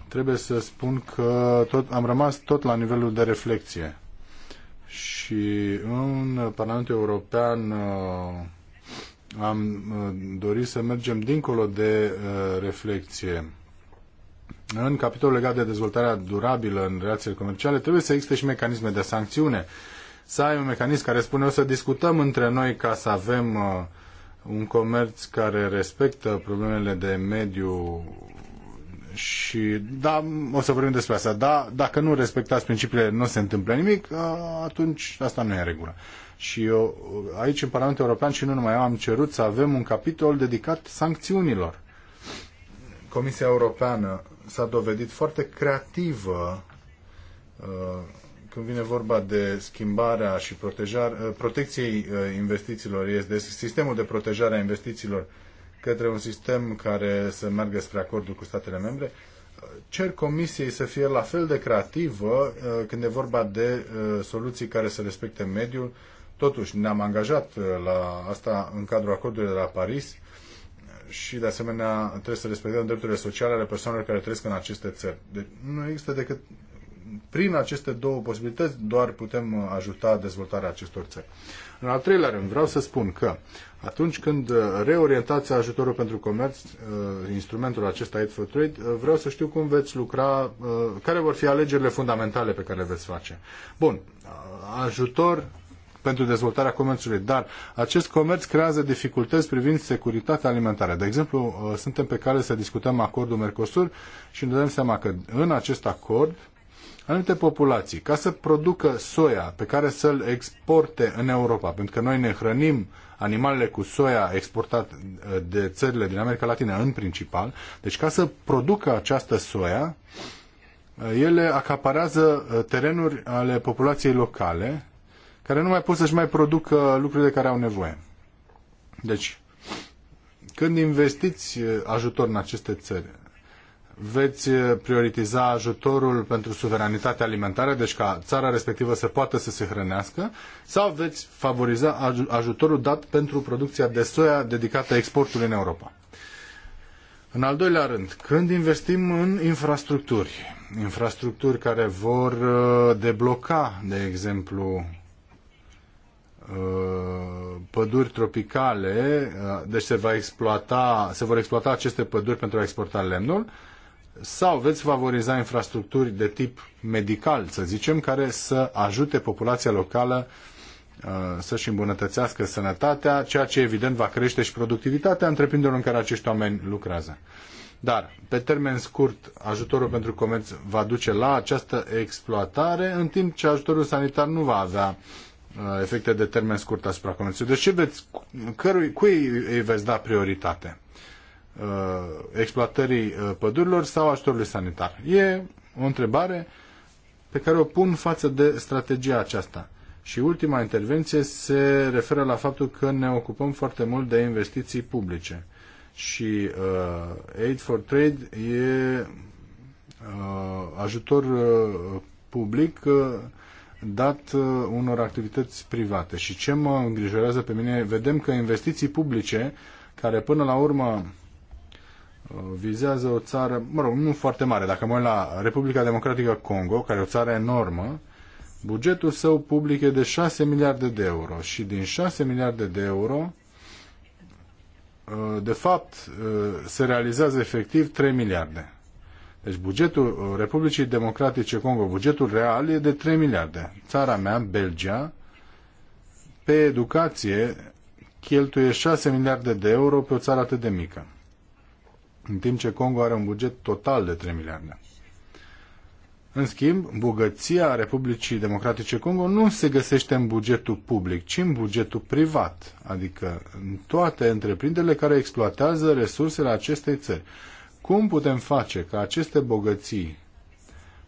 trebuie să spun că tot, am rămas tot la nivelul de reflexie. Și în Parlamentul European uh, am uh, dorit să mergem dincolo de uh, reflexie. În capitolul legat de dezvoltarea durabilă în relațiile comerciale, trebuie să existe și mecanisme de sancțiune. Să ai un mecanism care spune o să discutăm între noi ca să avem uh, un comerț care respectă problemele de mediu și da, o să vorbim despre asta, da, dacă nu respectați principiile, nu se întâmplă nimic, atunci asta nu e în regulă. Și eu, aici, în Parlamentul European și nu numai eu, am cerut să avem un capitol dedicat sancțiunilor. Comisia Europeană s-a dovedit foarte creativă uh, când vine vorba de schimbarea și uh, protecției uh, investițiilor, este sistemul de protejare a investițiilor către un sistem care să meargă spre acordul cu statele membre, cer comisiei să fie la fel de creativă când e vorba de soluții care să respecte mediul, Totuși, ne-am angajat uh, la asta în cadrul acordului de la Paris și, de asemenea, trebuie să respectăm drepturile sociale ale persoanelor care trăiesc în aceste țări. Deci nu există decât prin aceste două posibilități doar putem uh, ajuta dezvoltarea acestor țări. În al treilea rând, vreau să spun că atunci când uh, reorientați ajutorul pentru comerț, instrumentul acesta Aid for Trade, vreau să știu cum veți lucra, care vor fi alegerile fundamentale pe care le veți face. Bun, ajutor pentru dezvoltarea comerțului, dar acest comerț creează dificultăți privind securitatea alimentară. De exemplu, uh, suntem pe care să discutăm acordul Mercosur și ne dăm seama că în acest acord anumite populații, ca să producă soia pe care să-l exporte în Europa, pentru că noi ne hrănim animalele cu soia exportat uh, de țările din America Latină în principal, deci ca să producă această soia, uh, ele acaparează terenuri ale populației locale care nu mai pot să-și mai producă lucrurile de care au nevoie. Deci, când investiți ajutor în aceste țări, veți prioritiza ajutorul pentru suveranitatea alimentară, deci ca țara respectivă să poată să se hrănească, sau veți favoriza ajutorul dat pentru producția de soia dedicată exportului în Europa. În al doilea rând, când investim în infrastructuri, infrastructuri care vor uh, debloca, de exemplu, Uh, păduri tropicale, uh, deci se, va exploata, se vor exploata aceste păduri pentru a exporta lemnul, sau veți favoriza infrastructuri de tip medical, să zicem, care să ajute populația locală uh, să-și îmbunătățească sănătatea, ceea ce evident va crește și productivitatea întreprinderilor în care acești oameni lucrează. Dar, pe termen scurt, ajutorul pentru comerț va duce la această exploatare, în timp ce ajutorul sanitar nu va avea uh, Uh, efecte de termen scurt asupra comerțului. Deci ce veți, cărui, cui îi veți da prioritate? Uh, exploatării uh, pădurilor sau ajutorului sanitar? E o întrebare pe care o pun față de strategia aceasta. Și ultima intervenție se referă la faptul că ne ocupăm foarte mult de investiții publice. Și uh, Aid for Trade e uh, ajutor uh, public uh, dat uh, unor activități private. Și ce mă îngrijorează pe mine, vedem că investiții publice, care până la urmă uh, vizează o țară, mă rog, nu foarte mare, dacă mă uit la Republica Democratică Congo, care e o țară enormă, bugetul său public e de 6 miliarde de euro și din 6 miliarde de euro, uh, de fapt, se realizează efectiv 3 miliarde. Deci bugetul uh, Republicii Democratice Congo, bugetul real e de 3 miliarde. Țara mea, Belgia, pe educație cheltuie 6 miliarde de euro pe o țară atât de mică. În timp ce Congo are un buget total de 3 miliarde. În schimb, bogăția Republicii Democratice Congo nu se găsește în bugetul public, ci în bugetul privat, adică în toate întreprinderile care exploatează resursele acestei țări. Cum putem face ca aceste bogății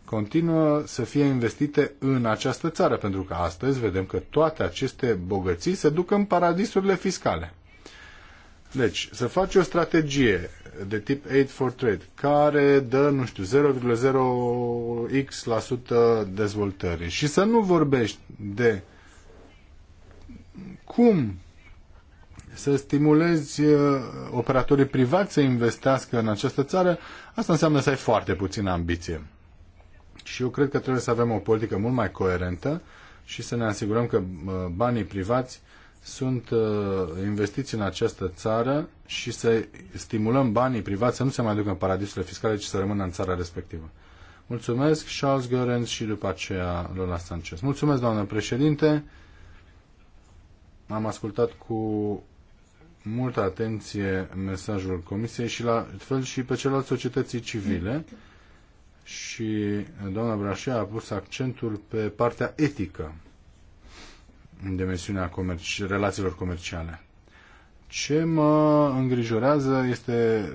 continuă să fie investite în această țară? Pentru că astăzi vedem că toate aceste bogății se duc în paradisurile fiscale. Deci, să faci o strategie de tip Aid for Trade, care dă, nu știu, 0,0x% dezvoltării și să nu vorbești de cum să stimulezi uh, operatorii privați să investească în această țară, asta înseamnă să ai foarte puțină ambiție. Și eu cred că trebuie să avem o politică mult mai coerentă și să ne asigurăm că uh, banii privați sunt uh, investiți în această țară și să stimulăm banii privați să nu se mai ducă în paradisurile fiscale, ci să rămână în țara respectivă. Mulțumesc, Charles Gorenz și după aceea Lola Sanchez. Mulțumesc, doamnă președinte. Am ascultat cu multă atenție mesajul Comisiei și la fel și pe celălalt societății civile și doamna Brașea a pus accentul pe partea etică în dimensiunea comerci- relațiilor comerciale. Ce mă îngrijorează este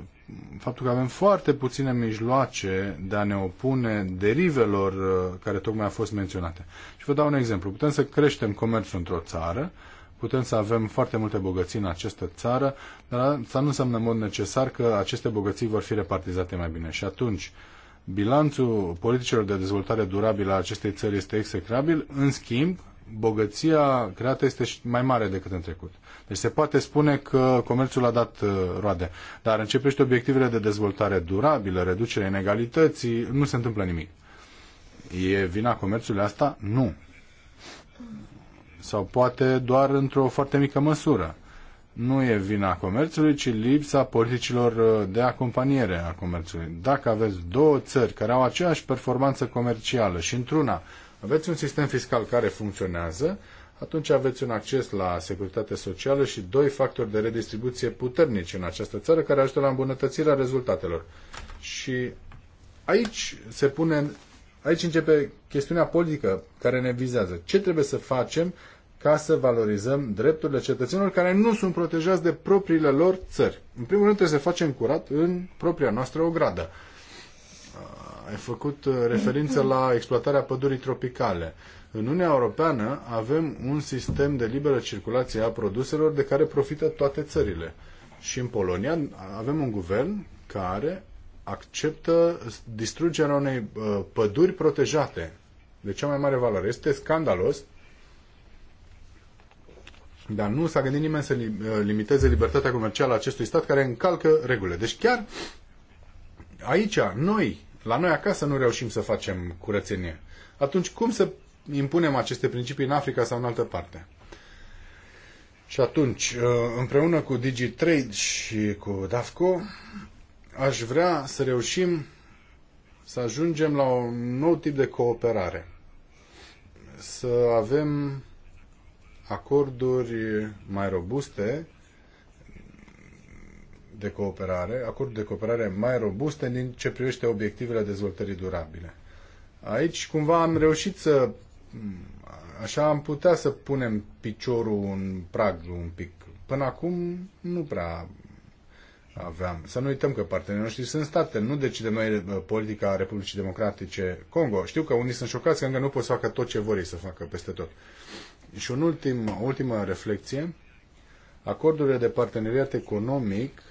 faptul că avem foarte puține mijloace de a ne opune derivelor uh, care tocmai au fost menționate. Și vă dau un exemplu. Putem să creștem comerțul într-o țară, Putem să avem foarte multe bogății în această țară, dar asta nu înseamnă în mod necesar că aceste bogății vor fi repartizate mai bine. Și atunci, bilanțul politicilor de dezvoltare durabilă a acestei țări este execrabil, în schimb, bogăția creată este mai mare decât în trecut. Deci se poate spune că comerțul a dat uh, roade, dar începește obiectivele de dezvoltare durabilă, reducerea inegalității, nu se întâmplă nimic. E vina comerțului asta? Nu sau poate doar într-o foarte mică măsură. Nu e vina comerțului, ci lipsa politicilor uh, de acompaniere a comerțului. Dacă aveți două țări care au aceeași performanță comercială și într-una aveți un sistem fiscal care funcționează, atunci aveți un acces la securitate socială și doi factori de redistribuție puternici în această țară care ajută la îmbunătățirea rezultatelor. Și aici se pune, aici începe chestiunea politică care ne vizează. Ce trebuie să facem ca să valorizăm drepturile cetățenilor care nu sunt protejați de propriile lor țări. În primul rând trebuie să facem curat în propria noastră ogradă. Ai făcut uh, referință la exploatarea pădurii tropicale. În Uniunea Europeană avem un sistem de liberă circulație a produselor de care profită toate țările. Și în Polonia avem un guvern care acceptă distrugerea unei uh, păduri protejate de cea mai mare valoare. Este scandalos dar nu s-a gândit nimeni să uh, limiteze libertatea comercială a acestui stat care încalcă regulile. Deci chiar aici, noi, la noi acasă nu reușim să facem curățenie. Atunci cum să impunem aceste principii în Africa sau în altă parte? Și atunci, uh, împreună cu DigiTrade și cu DAFCO, aș vrea să reușim să ajungem la un nou tip de cooperare. Să avem acorduri mai robuste de cooperare, acorduri de cooperare mai robuste din ce privește obiectivele dezvoltării durabile. Aici cumva am reușit să așa am putea să punem piciorul în prag un pic. Până acum nu prea aveam. Să nu uităm că partenerii noștri sunt state, nu decidem noi uh, politica Republicii Democratice Congo. Știu că unii sunt șocați că încă nu pot să facă tot ce vor ei să facă peste tot. Și un ultim, o ultimă reflexie. Acordurile de parteneriat economic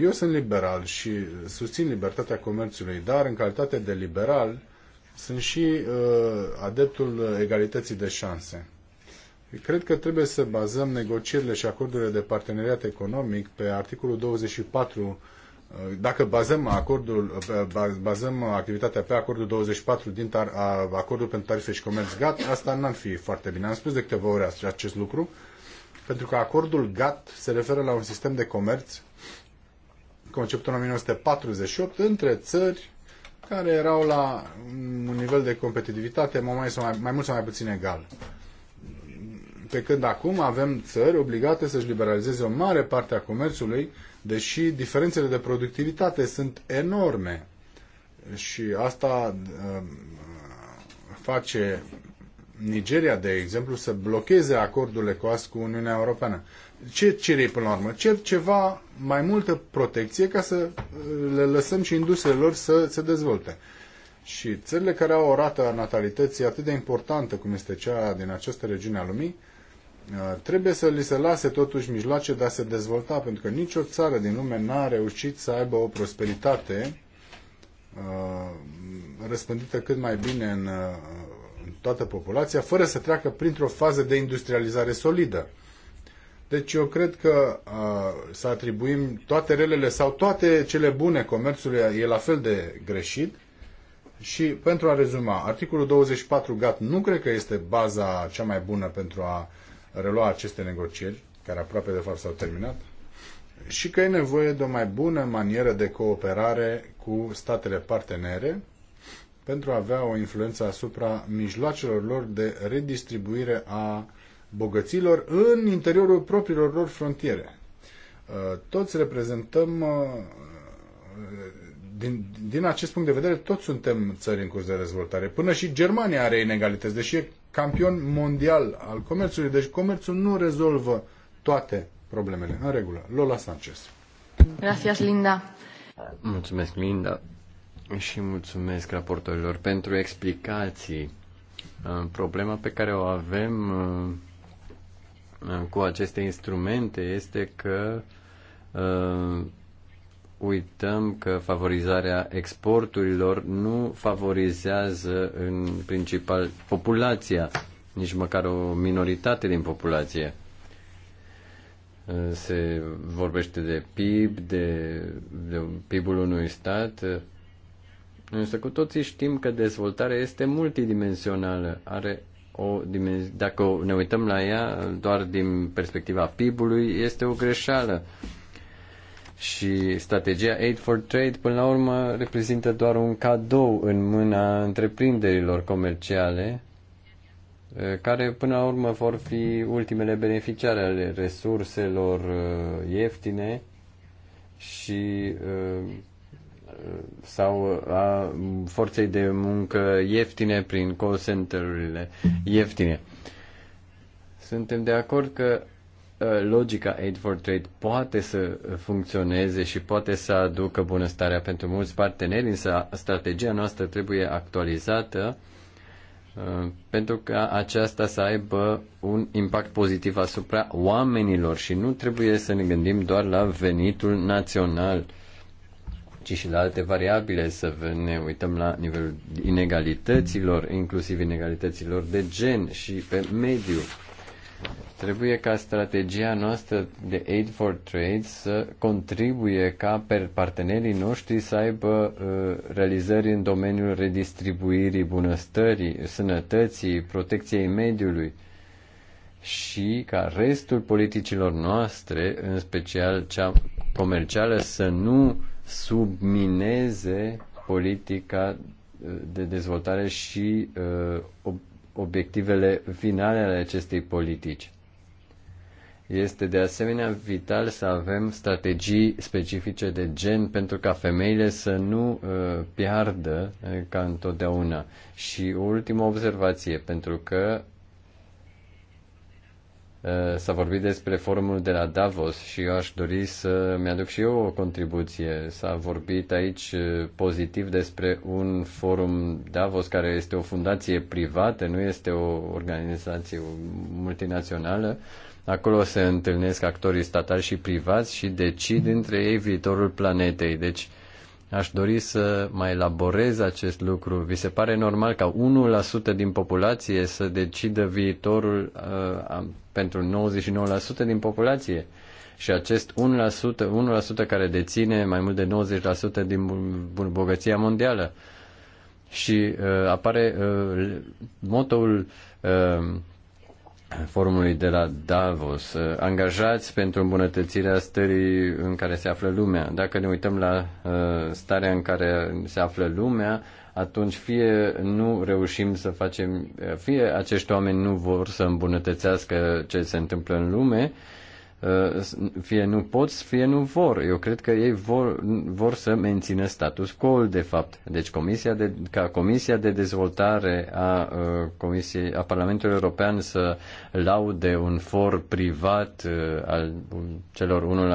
eu sunt liberal și susțin libertatea comerțului, dar în calitate de liberal sunt și uh, adeptul egalității de șanse. Cred că trebuie să bazăm negocierile și acordurile de parteneriat economic pe articolul 24 dacă bazăm, acordul, bazăm activitatea pe acordul 24 din tar, acordul pentru tarife și comerț GATT, asta n-ar fi foarte bine. Am spus de câteva ori acest lucru, pentru că acordul GATT se referă la un sistem de comerț conceptul în 1948 între țări care erau la un nivel de competitivitate mai, mai, mai mult sau mai puțin egal. Pe când acum avem țări obligate să-și liberalizeze o mare parte a comerțului deși diferențele de productivitate sunt enorme și asta um, face Nigeria, de exemplu, să blocheze acordul ECOAS cu Uniunea Europeană. Ce cer ei până la urmă? Cer ceva mai multă protecție ca să uh, le lăsăm și industriile lor să se dezvolte. Și țările care au o rată a natalității atât de importantă cum este cea din această regiune a lumii, Uh, trebuie să li se lase totuși mijloace de a se dezvolta, pentru că nicio țară din lume n-a reușit să aibă o prosperitate uh, răspândită cât mai bine uh, în toată populația, fără să treacă printr-o fază de industrializare solidă. Deci eu cred că a, să atribuim toate relele sau toate cele bune comerțului e la fel de greșit. Și pentru a rezuma, articolul 24 gat nu cred că este baza cea mai bună pentru a relua aceste negocieri, care aproape de fapt s-au terminat, și că e nevoie de o mai bună manieră de cooperare cu statele partenere pentru a avea o influență asupra mijloacelor lor de redistribuire a bogăților în interiorul propriilor lor frontiere. Uh, toți reprezentăm, uh, din, din acest punct de vedere, toți suntem țări în curs de dezvoltare. Până și Germania are inegalități, deși e campion mondial al comerțului, deci comerțul nu rezolvă toate problemele. În regulă. Lola Sanchez. Gracias, Linda. Mulțumesc, Linda. Și mulțumesc raportorilor pentru explicații. Uh, problema pe care o avem uh, cu aceste instrumente este că uh, uităm că favorizarea exporturilor nu favorizează în principal populația, nici măcar o minoritate din populație. Se vorbește de PIB, de, de PIB-ul unui stat, însă cu toții știm că dezvoltarea este multidimensională, are o dimensiune, dacă ne uităm la ea doar din perspectiva PIB-ului, este o greșeală și strategia Aid for Trade până la urmă reprezintă doar un cadou în mâna întreprinderilor comerciale eh, care până la urmă vor fi ultimele beneficiare ale resurselor eh, ieftine și eh, sau a forței de muncă ieftine prin call center-urile ieftine. Suntem de acord că Uh, logica Aid for Trade poate să funcționeze și poate să aducă bunăstarea pentru mulți parteneri, însă strategia noastră trebuie actualizată uh, pentru ca aceasta să aibă un impact pozitiv asupra oamenilor și nu trebuie să ne gândim doar la venitul național, ci și la alte variabile, să ne uităm la nivelul inegalităților, inclusiv inegalităților de gen și pe mediu Trebuie ca strategia noastră de Aid for Trade să contribuie ca per partenerii noștri să aibă uh, realizări în domeniul redistribuirii bunăstării, sănătății, protecției mediului și ca restul politicilor noastre, în special cea comercială, să nu submineze politica uh, de dezvoltare și uh, obiectivele finale ale acestei politici. Este de asemenea vital să avem strategii specifice de gen pentru ca femeile să nu uh, piardă uh, ca întotdeauna. Și ultima observație, pentru că Eh, s-a vorbit despre forumul de la Davos și eu aș dori să mi-aduc și eu o contribuție. S-a vorbit aici eh, pozitiv despre un forum Davos care este o fundație privată, nu este o organizație multinațională. Acolo se întâlnesc actorii statali și privați și decid între ei viitorul planetei. Deci Aș dori să mai elaborez acest lucru. Vi se pare normal ca 1% din populație să decidă viitorul uh, pentru 99% din populație? Și acest 1%, 1% care deține mai mult de 90% din bogăția mondială. Și uh, apare uh, motoul uh, forumului de la Davos, uh, angajați pentru îmbunătățirea stării în care se află lumea. Dacă ne uităm la uh, starea în care se află lumea, atunci fie nu reușim să facem, uh, fie acești oameni nu vor să îmbunătățească ce se întâmplă în lume, Uh, fie nu pot, fie nu vor. Eu cred că ei vor, vor să mențină status quo, de fapt. Deci comisia de, ca Comisia de Dezvoltare a, uh, comisiei, a Parlamentului European să laude un for privat uh, al celor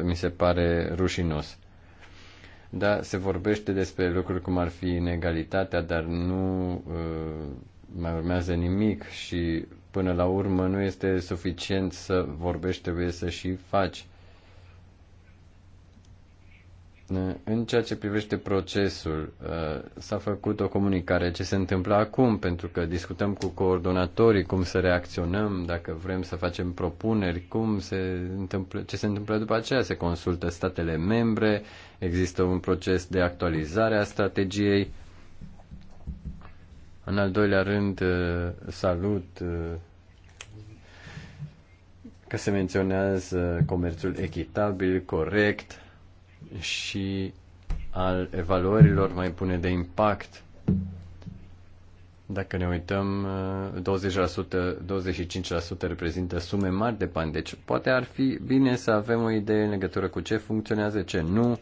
1%, mi se pare rușinos. Da, se vorbește despre lucruri cum ar fi inegalitatea, dar nu mai urmează nimic și Până la urmă, nu este suficient să vorbești, trebuie să și faci. În ceea ce privește procesul, uh, s-a făcut o comunicare ce se întâmplă acum, pentru că discutăm cu coordonatorii cum să reacționăm, dacă vrem să facem propuneri, cum se întâmplă, ce se întâmplă după aceea, se consultă statele membre, există un proces de actualizare a strategiei. În al doilea rând, uh, salut uh, că se menționează comerțul echitabil, corect și al evaluărilor mai bune de impact. Dacă ne uităm, 20%, 25% reprezintă sume mari de bani, deci poate ar fi bine să avem o idee în legătură cu ce funcționează, ce nu,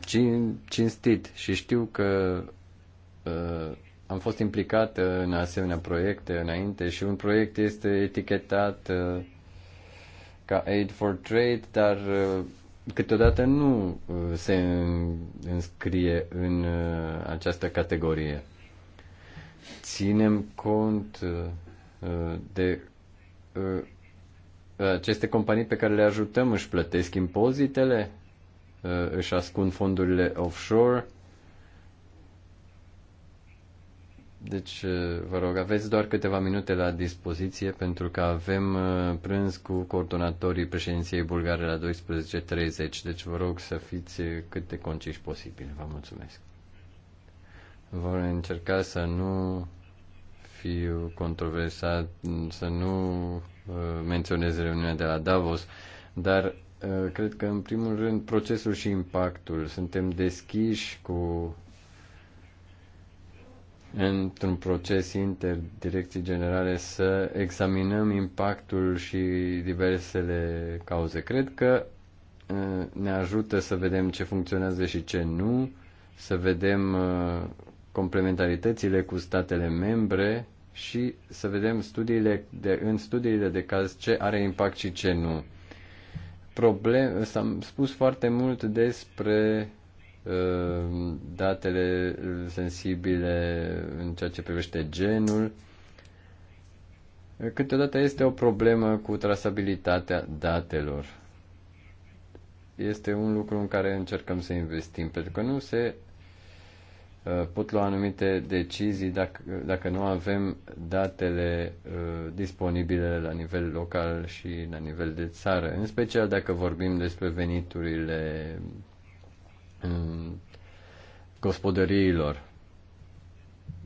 cin, cinstit. Și știu că uh, am fost implicat în asemenea proiecte înainte și un proiect este etichetat uh, ca Aid for Trade, dar uh, câteodată nu uh, se înscrie în uh, această categorie. Ținem cont de aceste companii pe care le ajutăm își plătesc impozitele, își ascund fondurile offshore Deci, uh, vă rog, aveți doar câteva minute la dispoziție pentru că avem uh, prânz cu coordonatorii președinției bulgare la 12.30. Deci, vă rog să fiți uh, cât de conciși posibil. Vă mulțumesc. Vor încerca să nu fiu controversat, să nu menționez reuniunea de la Davos, dar cred că, în primul rând, procesul și impactul. Suntem deschiși cu într-un proces interdirecții generale să examinăm impactul și diversele cauze. Cred că uh, ne ajută să vedem ce funcționează și ce nu, să vedem uh, complementaritățile cu statele membre și să vedem studiile de, în studiile de caz ce are impact și ce nu. Problem, s am spus foarte mult despre Ehm, datele sensibile în ceea ce privește genul. Câteodată este o problemă cu trasabilitatea datelor. Este un lucru în care încercăm să investim, pentru că nu se uh, pot lua anumite decizii dacă, dacă nu avem datele uh, disponibile la nivel local și la nivel de țară, în special dacă vorbim despre veniturile gospodăriilor.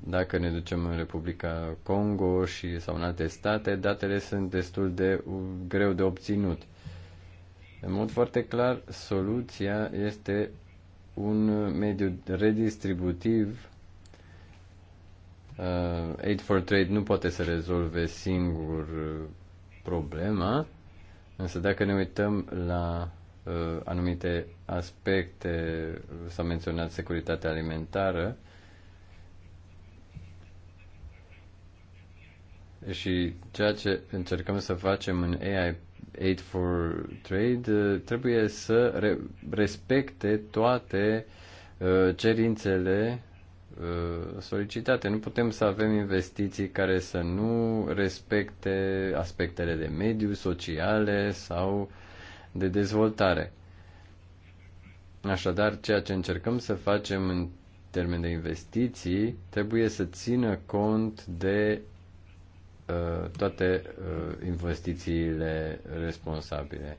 Dacă ne ducem în Republica Congo și sau în alte state, datele sunt destul de greu de obținut. În mod foarte clar, soluția este un mediu redistributiv. Uh, Aid for Trade nu poate să rezolve singur uh, problema, însă dacă ne uităm la Uh, anumite aspecte, s-a menționat securitatea alimentară și ceea ce încercăm să facem în AI Aid for Trade uh, trebuie să re- respecte toate uh, cerințele solicitate. Nu putem să avem investiții care să nu respecte aspectele de mediu, sociale sau uh, de dezvoltare. Așadar, ceea ce încercăm să facem în termen de investiții trebuie să țină cont de uh, toate uh, investițiile responsabile.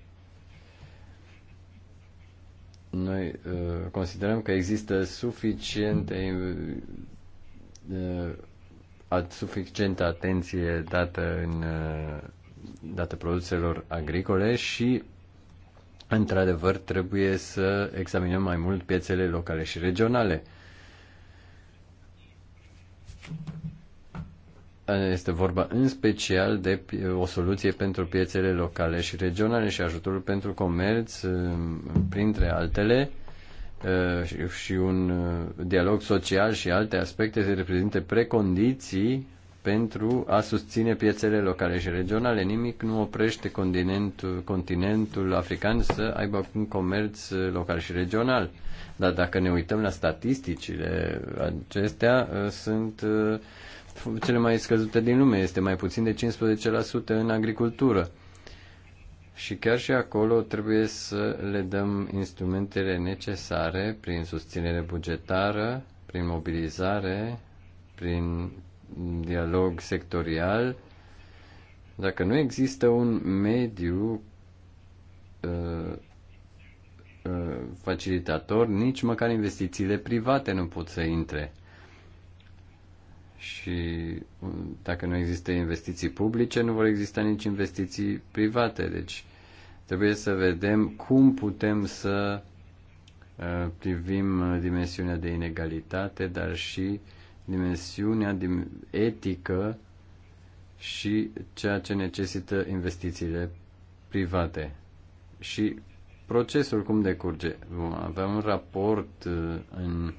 Noi uh, considerăm că există suficiente uh, suficientă atenție dată în uh, dată produselor agricole și Într-adevăr, trebuie să examinăm mai mult piețele locale și regionale. Este vorba în special de o soluție pentru piețele locale și regionale și ajutorul pentru comerț, um, printre altele, uh, și un uh, dialog social și alte aspecte se reprezintă precondiții pentru a susține piețele locale și regionale. Nimic nu oprește continentul, continentul african să aibă un comerț local și regional. Dar dacă ne uităm la statisticile acestea, uh, sunt uh, cele mai scăzute din lume. Este mai puțin de 15% în agricultură. Și chiar și acolo trebuie să le dăm instrumentele necesare prin susținere bugetară, prin mobilizare, prin dialog sectorial, dacă nu există un mediu uh, uh, facilitator, nici măcar investițiile private nu pot să intre. Și uh, dacă nu există investiții publice, nu vor exista nici investiții private. Deci trebuie să vedem cum putem să uh, privim uh, dimensiunea de inegalitate, dar și uh, dimensiunea etică și ceea ce necesită investițiile private. Și procesul cum decurge? Vom avea un raport uh, în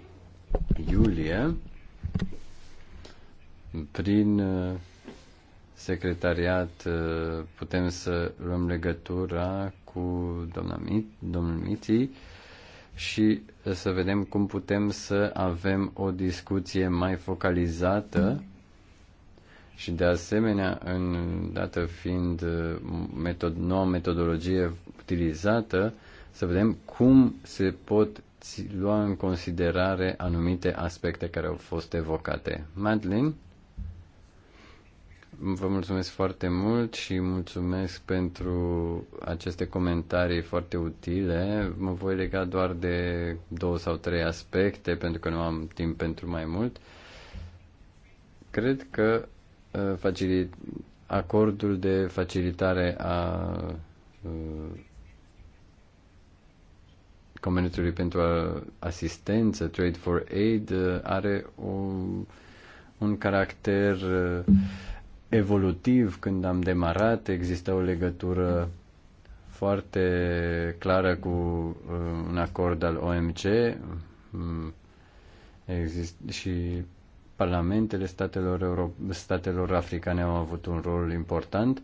iulie prin uh, secretariat uh, putem să luăm legătura cu doamna Mi- domnul Miții și eh, să vedem cum putem să avem o discuție mai focalizată și de asemenea, în dată fiind eh, metod, noua metodologie utilizată, să vedem cum se pot lua în considerare anumite aspecte care au fost evocate. Madeline? Vă mulțumesc foarte mult și mulțumesc pentru aceste comentarii foarte utile. Mă voi lega doar de două sau trei aspecte, pentru că nu am timp pentru mai mult. Cred că uh, facilit- acordul de facilitare a uh, Comerțului pentru uh, Asistență, Trade for Aid, are o, un caracter evolutiv când am demarat, exista o legătură foarte clară cu uh, un acord al OMC mm, exist și parlamentele statelor, euro, statelor africane au avut un rol important.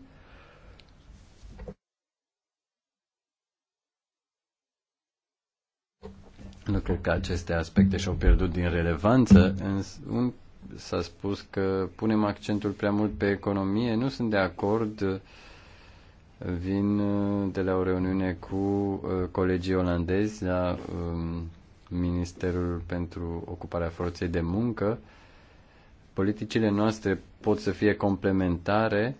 Nu cred că aceste aspecte și-au pierdut din relevanță, însă un s-a spus că punem accentul prea mult pe economie. Nu sunt de acord. Vin uh, de la o reuniune cu uh, colegii olandezi la um, Ministerul pentru Ocuparea Forței de Muncă. Politicile noastre pot să fie complementare.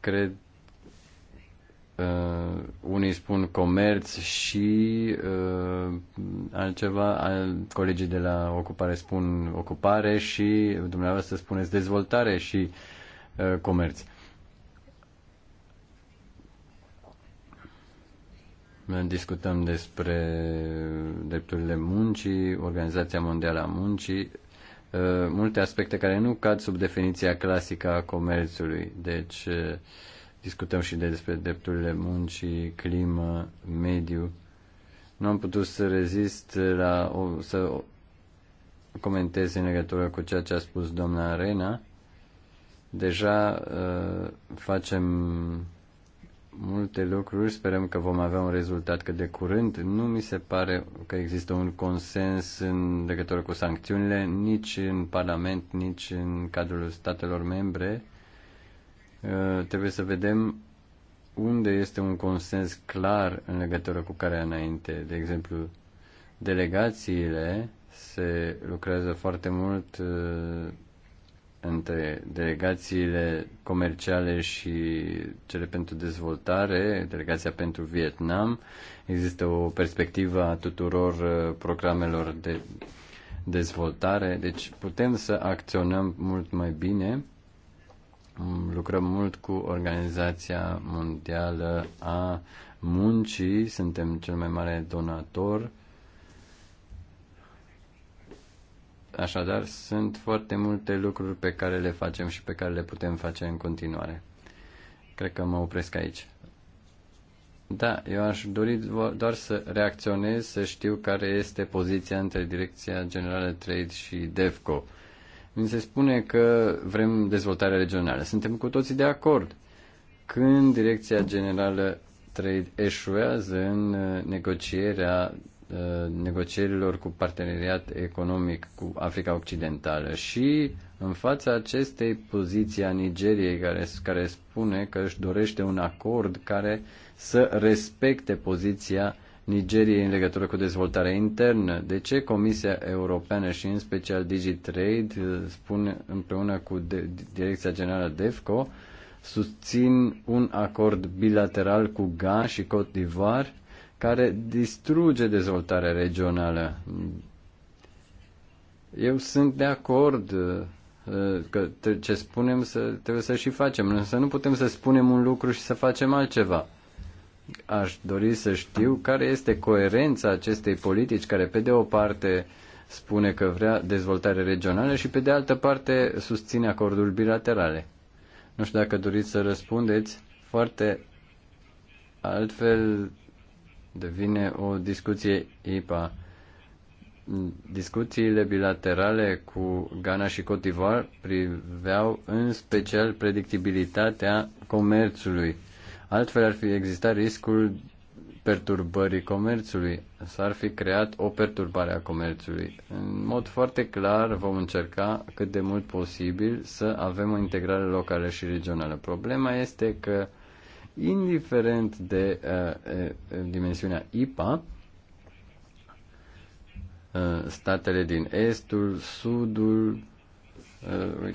Cred Uh, unii spun comerț și uh, altceva, al, colegii de la ocupare spun ocupare și dumneavoastră spuneți dezvoltare și uh, comerț. Discutăm despre drepturile muncii, Organizația Mondială a Muncii, uh, multe aspecte care nu cad sub definiția clasică a comerțului. Deci, uh, discutăm și de despre drepturile muncii, climă, mediu. Nu am putut să rezist la o, să comentez în legătură cu ceea ce a spus doamna Arena. Deja uh, facem multe lucruri, sperăm că vom avea un rezultat cât de curând. Nu mi se pare că există un consens în legătură cu sancțiunile, nici în Parlament, nici în cadrul statelor membre Eh, trebuie să vedem unde este un consens clar în legătură cu care înainte. De exemplu, delegațiile se lucrează foarte mult eh, între delegațiile comerciale și cele pentru dezvoltare, delegația pentru Vietnam. Există o perspectivă a tuturor eh, programelor de dezvoltare, deci putem să acționăm mult mai bine lucrăm mult cu Organizația Mondială a Muncii, suntem cel mai mare donator. Așadar, sunt foarte multe lucruri pe care le facem și pe care le putem face în continuare. Cred că mă opresc aici. Da, eu aș dori doar să reacționez, să știu care este poziția între Direcția Generală Trade și DEVCO. Uh, mi se spune că vrem dezvoltare regională. Suntem cu toții de acord. Când Direcția Generală Trade eșuează în uh, negocierea uh, negocierilor cu parteneriat economic cu Africa Occidentală și în fața acestei poziții a Nigeriei care, care spune că își dorește un acord care să respecte poziția Nigeriei în legătură cu dezvoltarea internă. De ce Comisia Europeană și în special DigiTrade uh, spun împreună cu Direcția Generală DEFCO susțin un acord bilateral cu Ghana și Cote d'Ivoire care distruge dezvoltarea regională. Eu sunt de acord uh, uh, că ce spunem să, trebuie să și facem, însă nu putem să spunem un lucru și să facem altceva. Aș dori să știu care este coerența acestei politici care, pe de o parte, spune că vrea dezvoltare regională și, pe de altă parte, susține acorduri bilaterale. Nu știu dacă doriți să răspundeți foarte altfel devine o discuție IPA. Discuțiile bilaterale cu Ghana și Cotivar priveau în special predictibilitatea comerțului Altfel ar fi existat riscul perturbării comerțului. S-ar fi creat o perturbare a comerțului. În mod foarte clar vom încerca cât de mult posibil să avem o integrare locală și regională. Problema este că, indiferent de uh, dimensiunea IPA, uh, statele din estul, sudul, uh,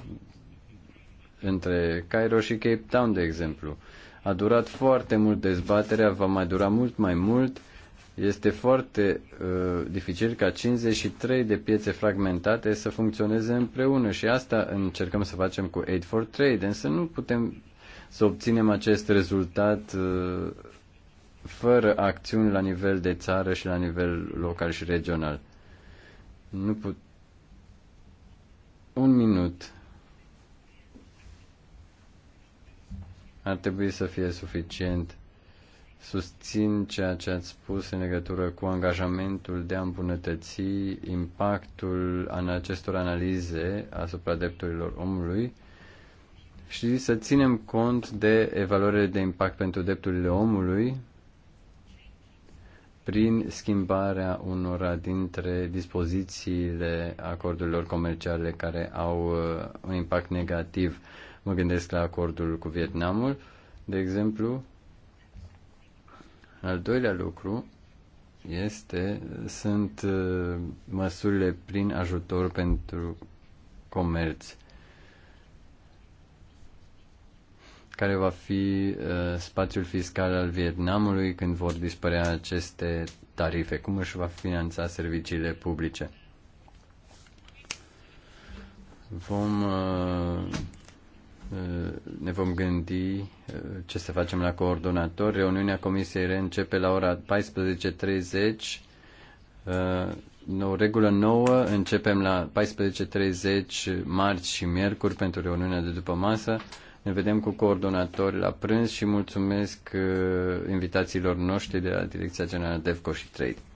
între Cairo și Cape Town, de exemplu, uh, a durat foarte mult dezbaterea, va mai dura mult mai mult. Este foarte uh, dificil ca 53 de piețe fragmentate să funcționeze împreună și asta încercăm să facem cu Aid for Trade, însă nu putem să obținem acest rezultat uh, fără acțiuni la nivel de țară și la nivel local și regional. Nu put... Un minut. ar trebui să fie suficient. Susțin ceea ce ați spus în legătură cu angajamentul de a îmbunătăți impactul în acestor analize asupra drepturilor omului și să ținem cont de evaluările de impact pentru drepturile omului prin schimbarea unora dintre dispozițiile acordurilor comerciale care au uh, un impact negativ. Mă gândesc la acordul cu Vietnamul, de exemplu. Al doilea lucru este, sunt uh, măsurile prin ajutor pentru comerț, care va fi uh, spațiul fiscal al Vietnamului când vor dispărea aceste tarife, cum își va finanța serviciile publice. Vom uh, Eh, ne vom gândi eh, ce să facem la coordonator. Reuniunea comisiei reîncepe la ora 14.30. Eh, nou, regulă nouă, începem la 14.30 marți și miercuri pentru reuniunea de după masă. Ne vedem cu coordonatori la prânz și mulțumesc invitațiilor noștri de la Direcția Generală DEVCO și Trade.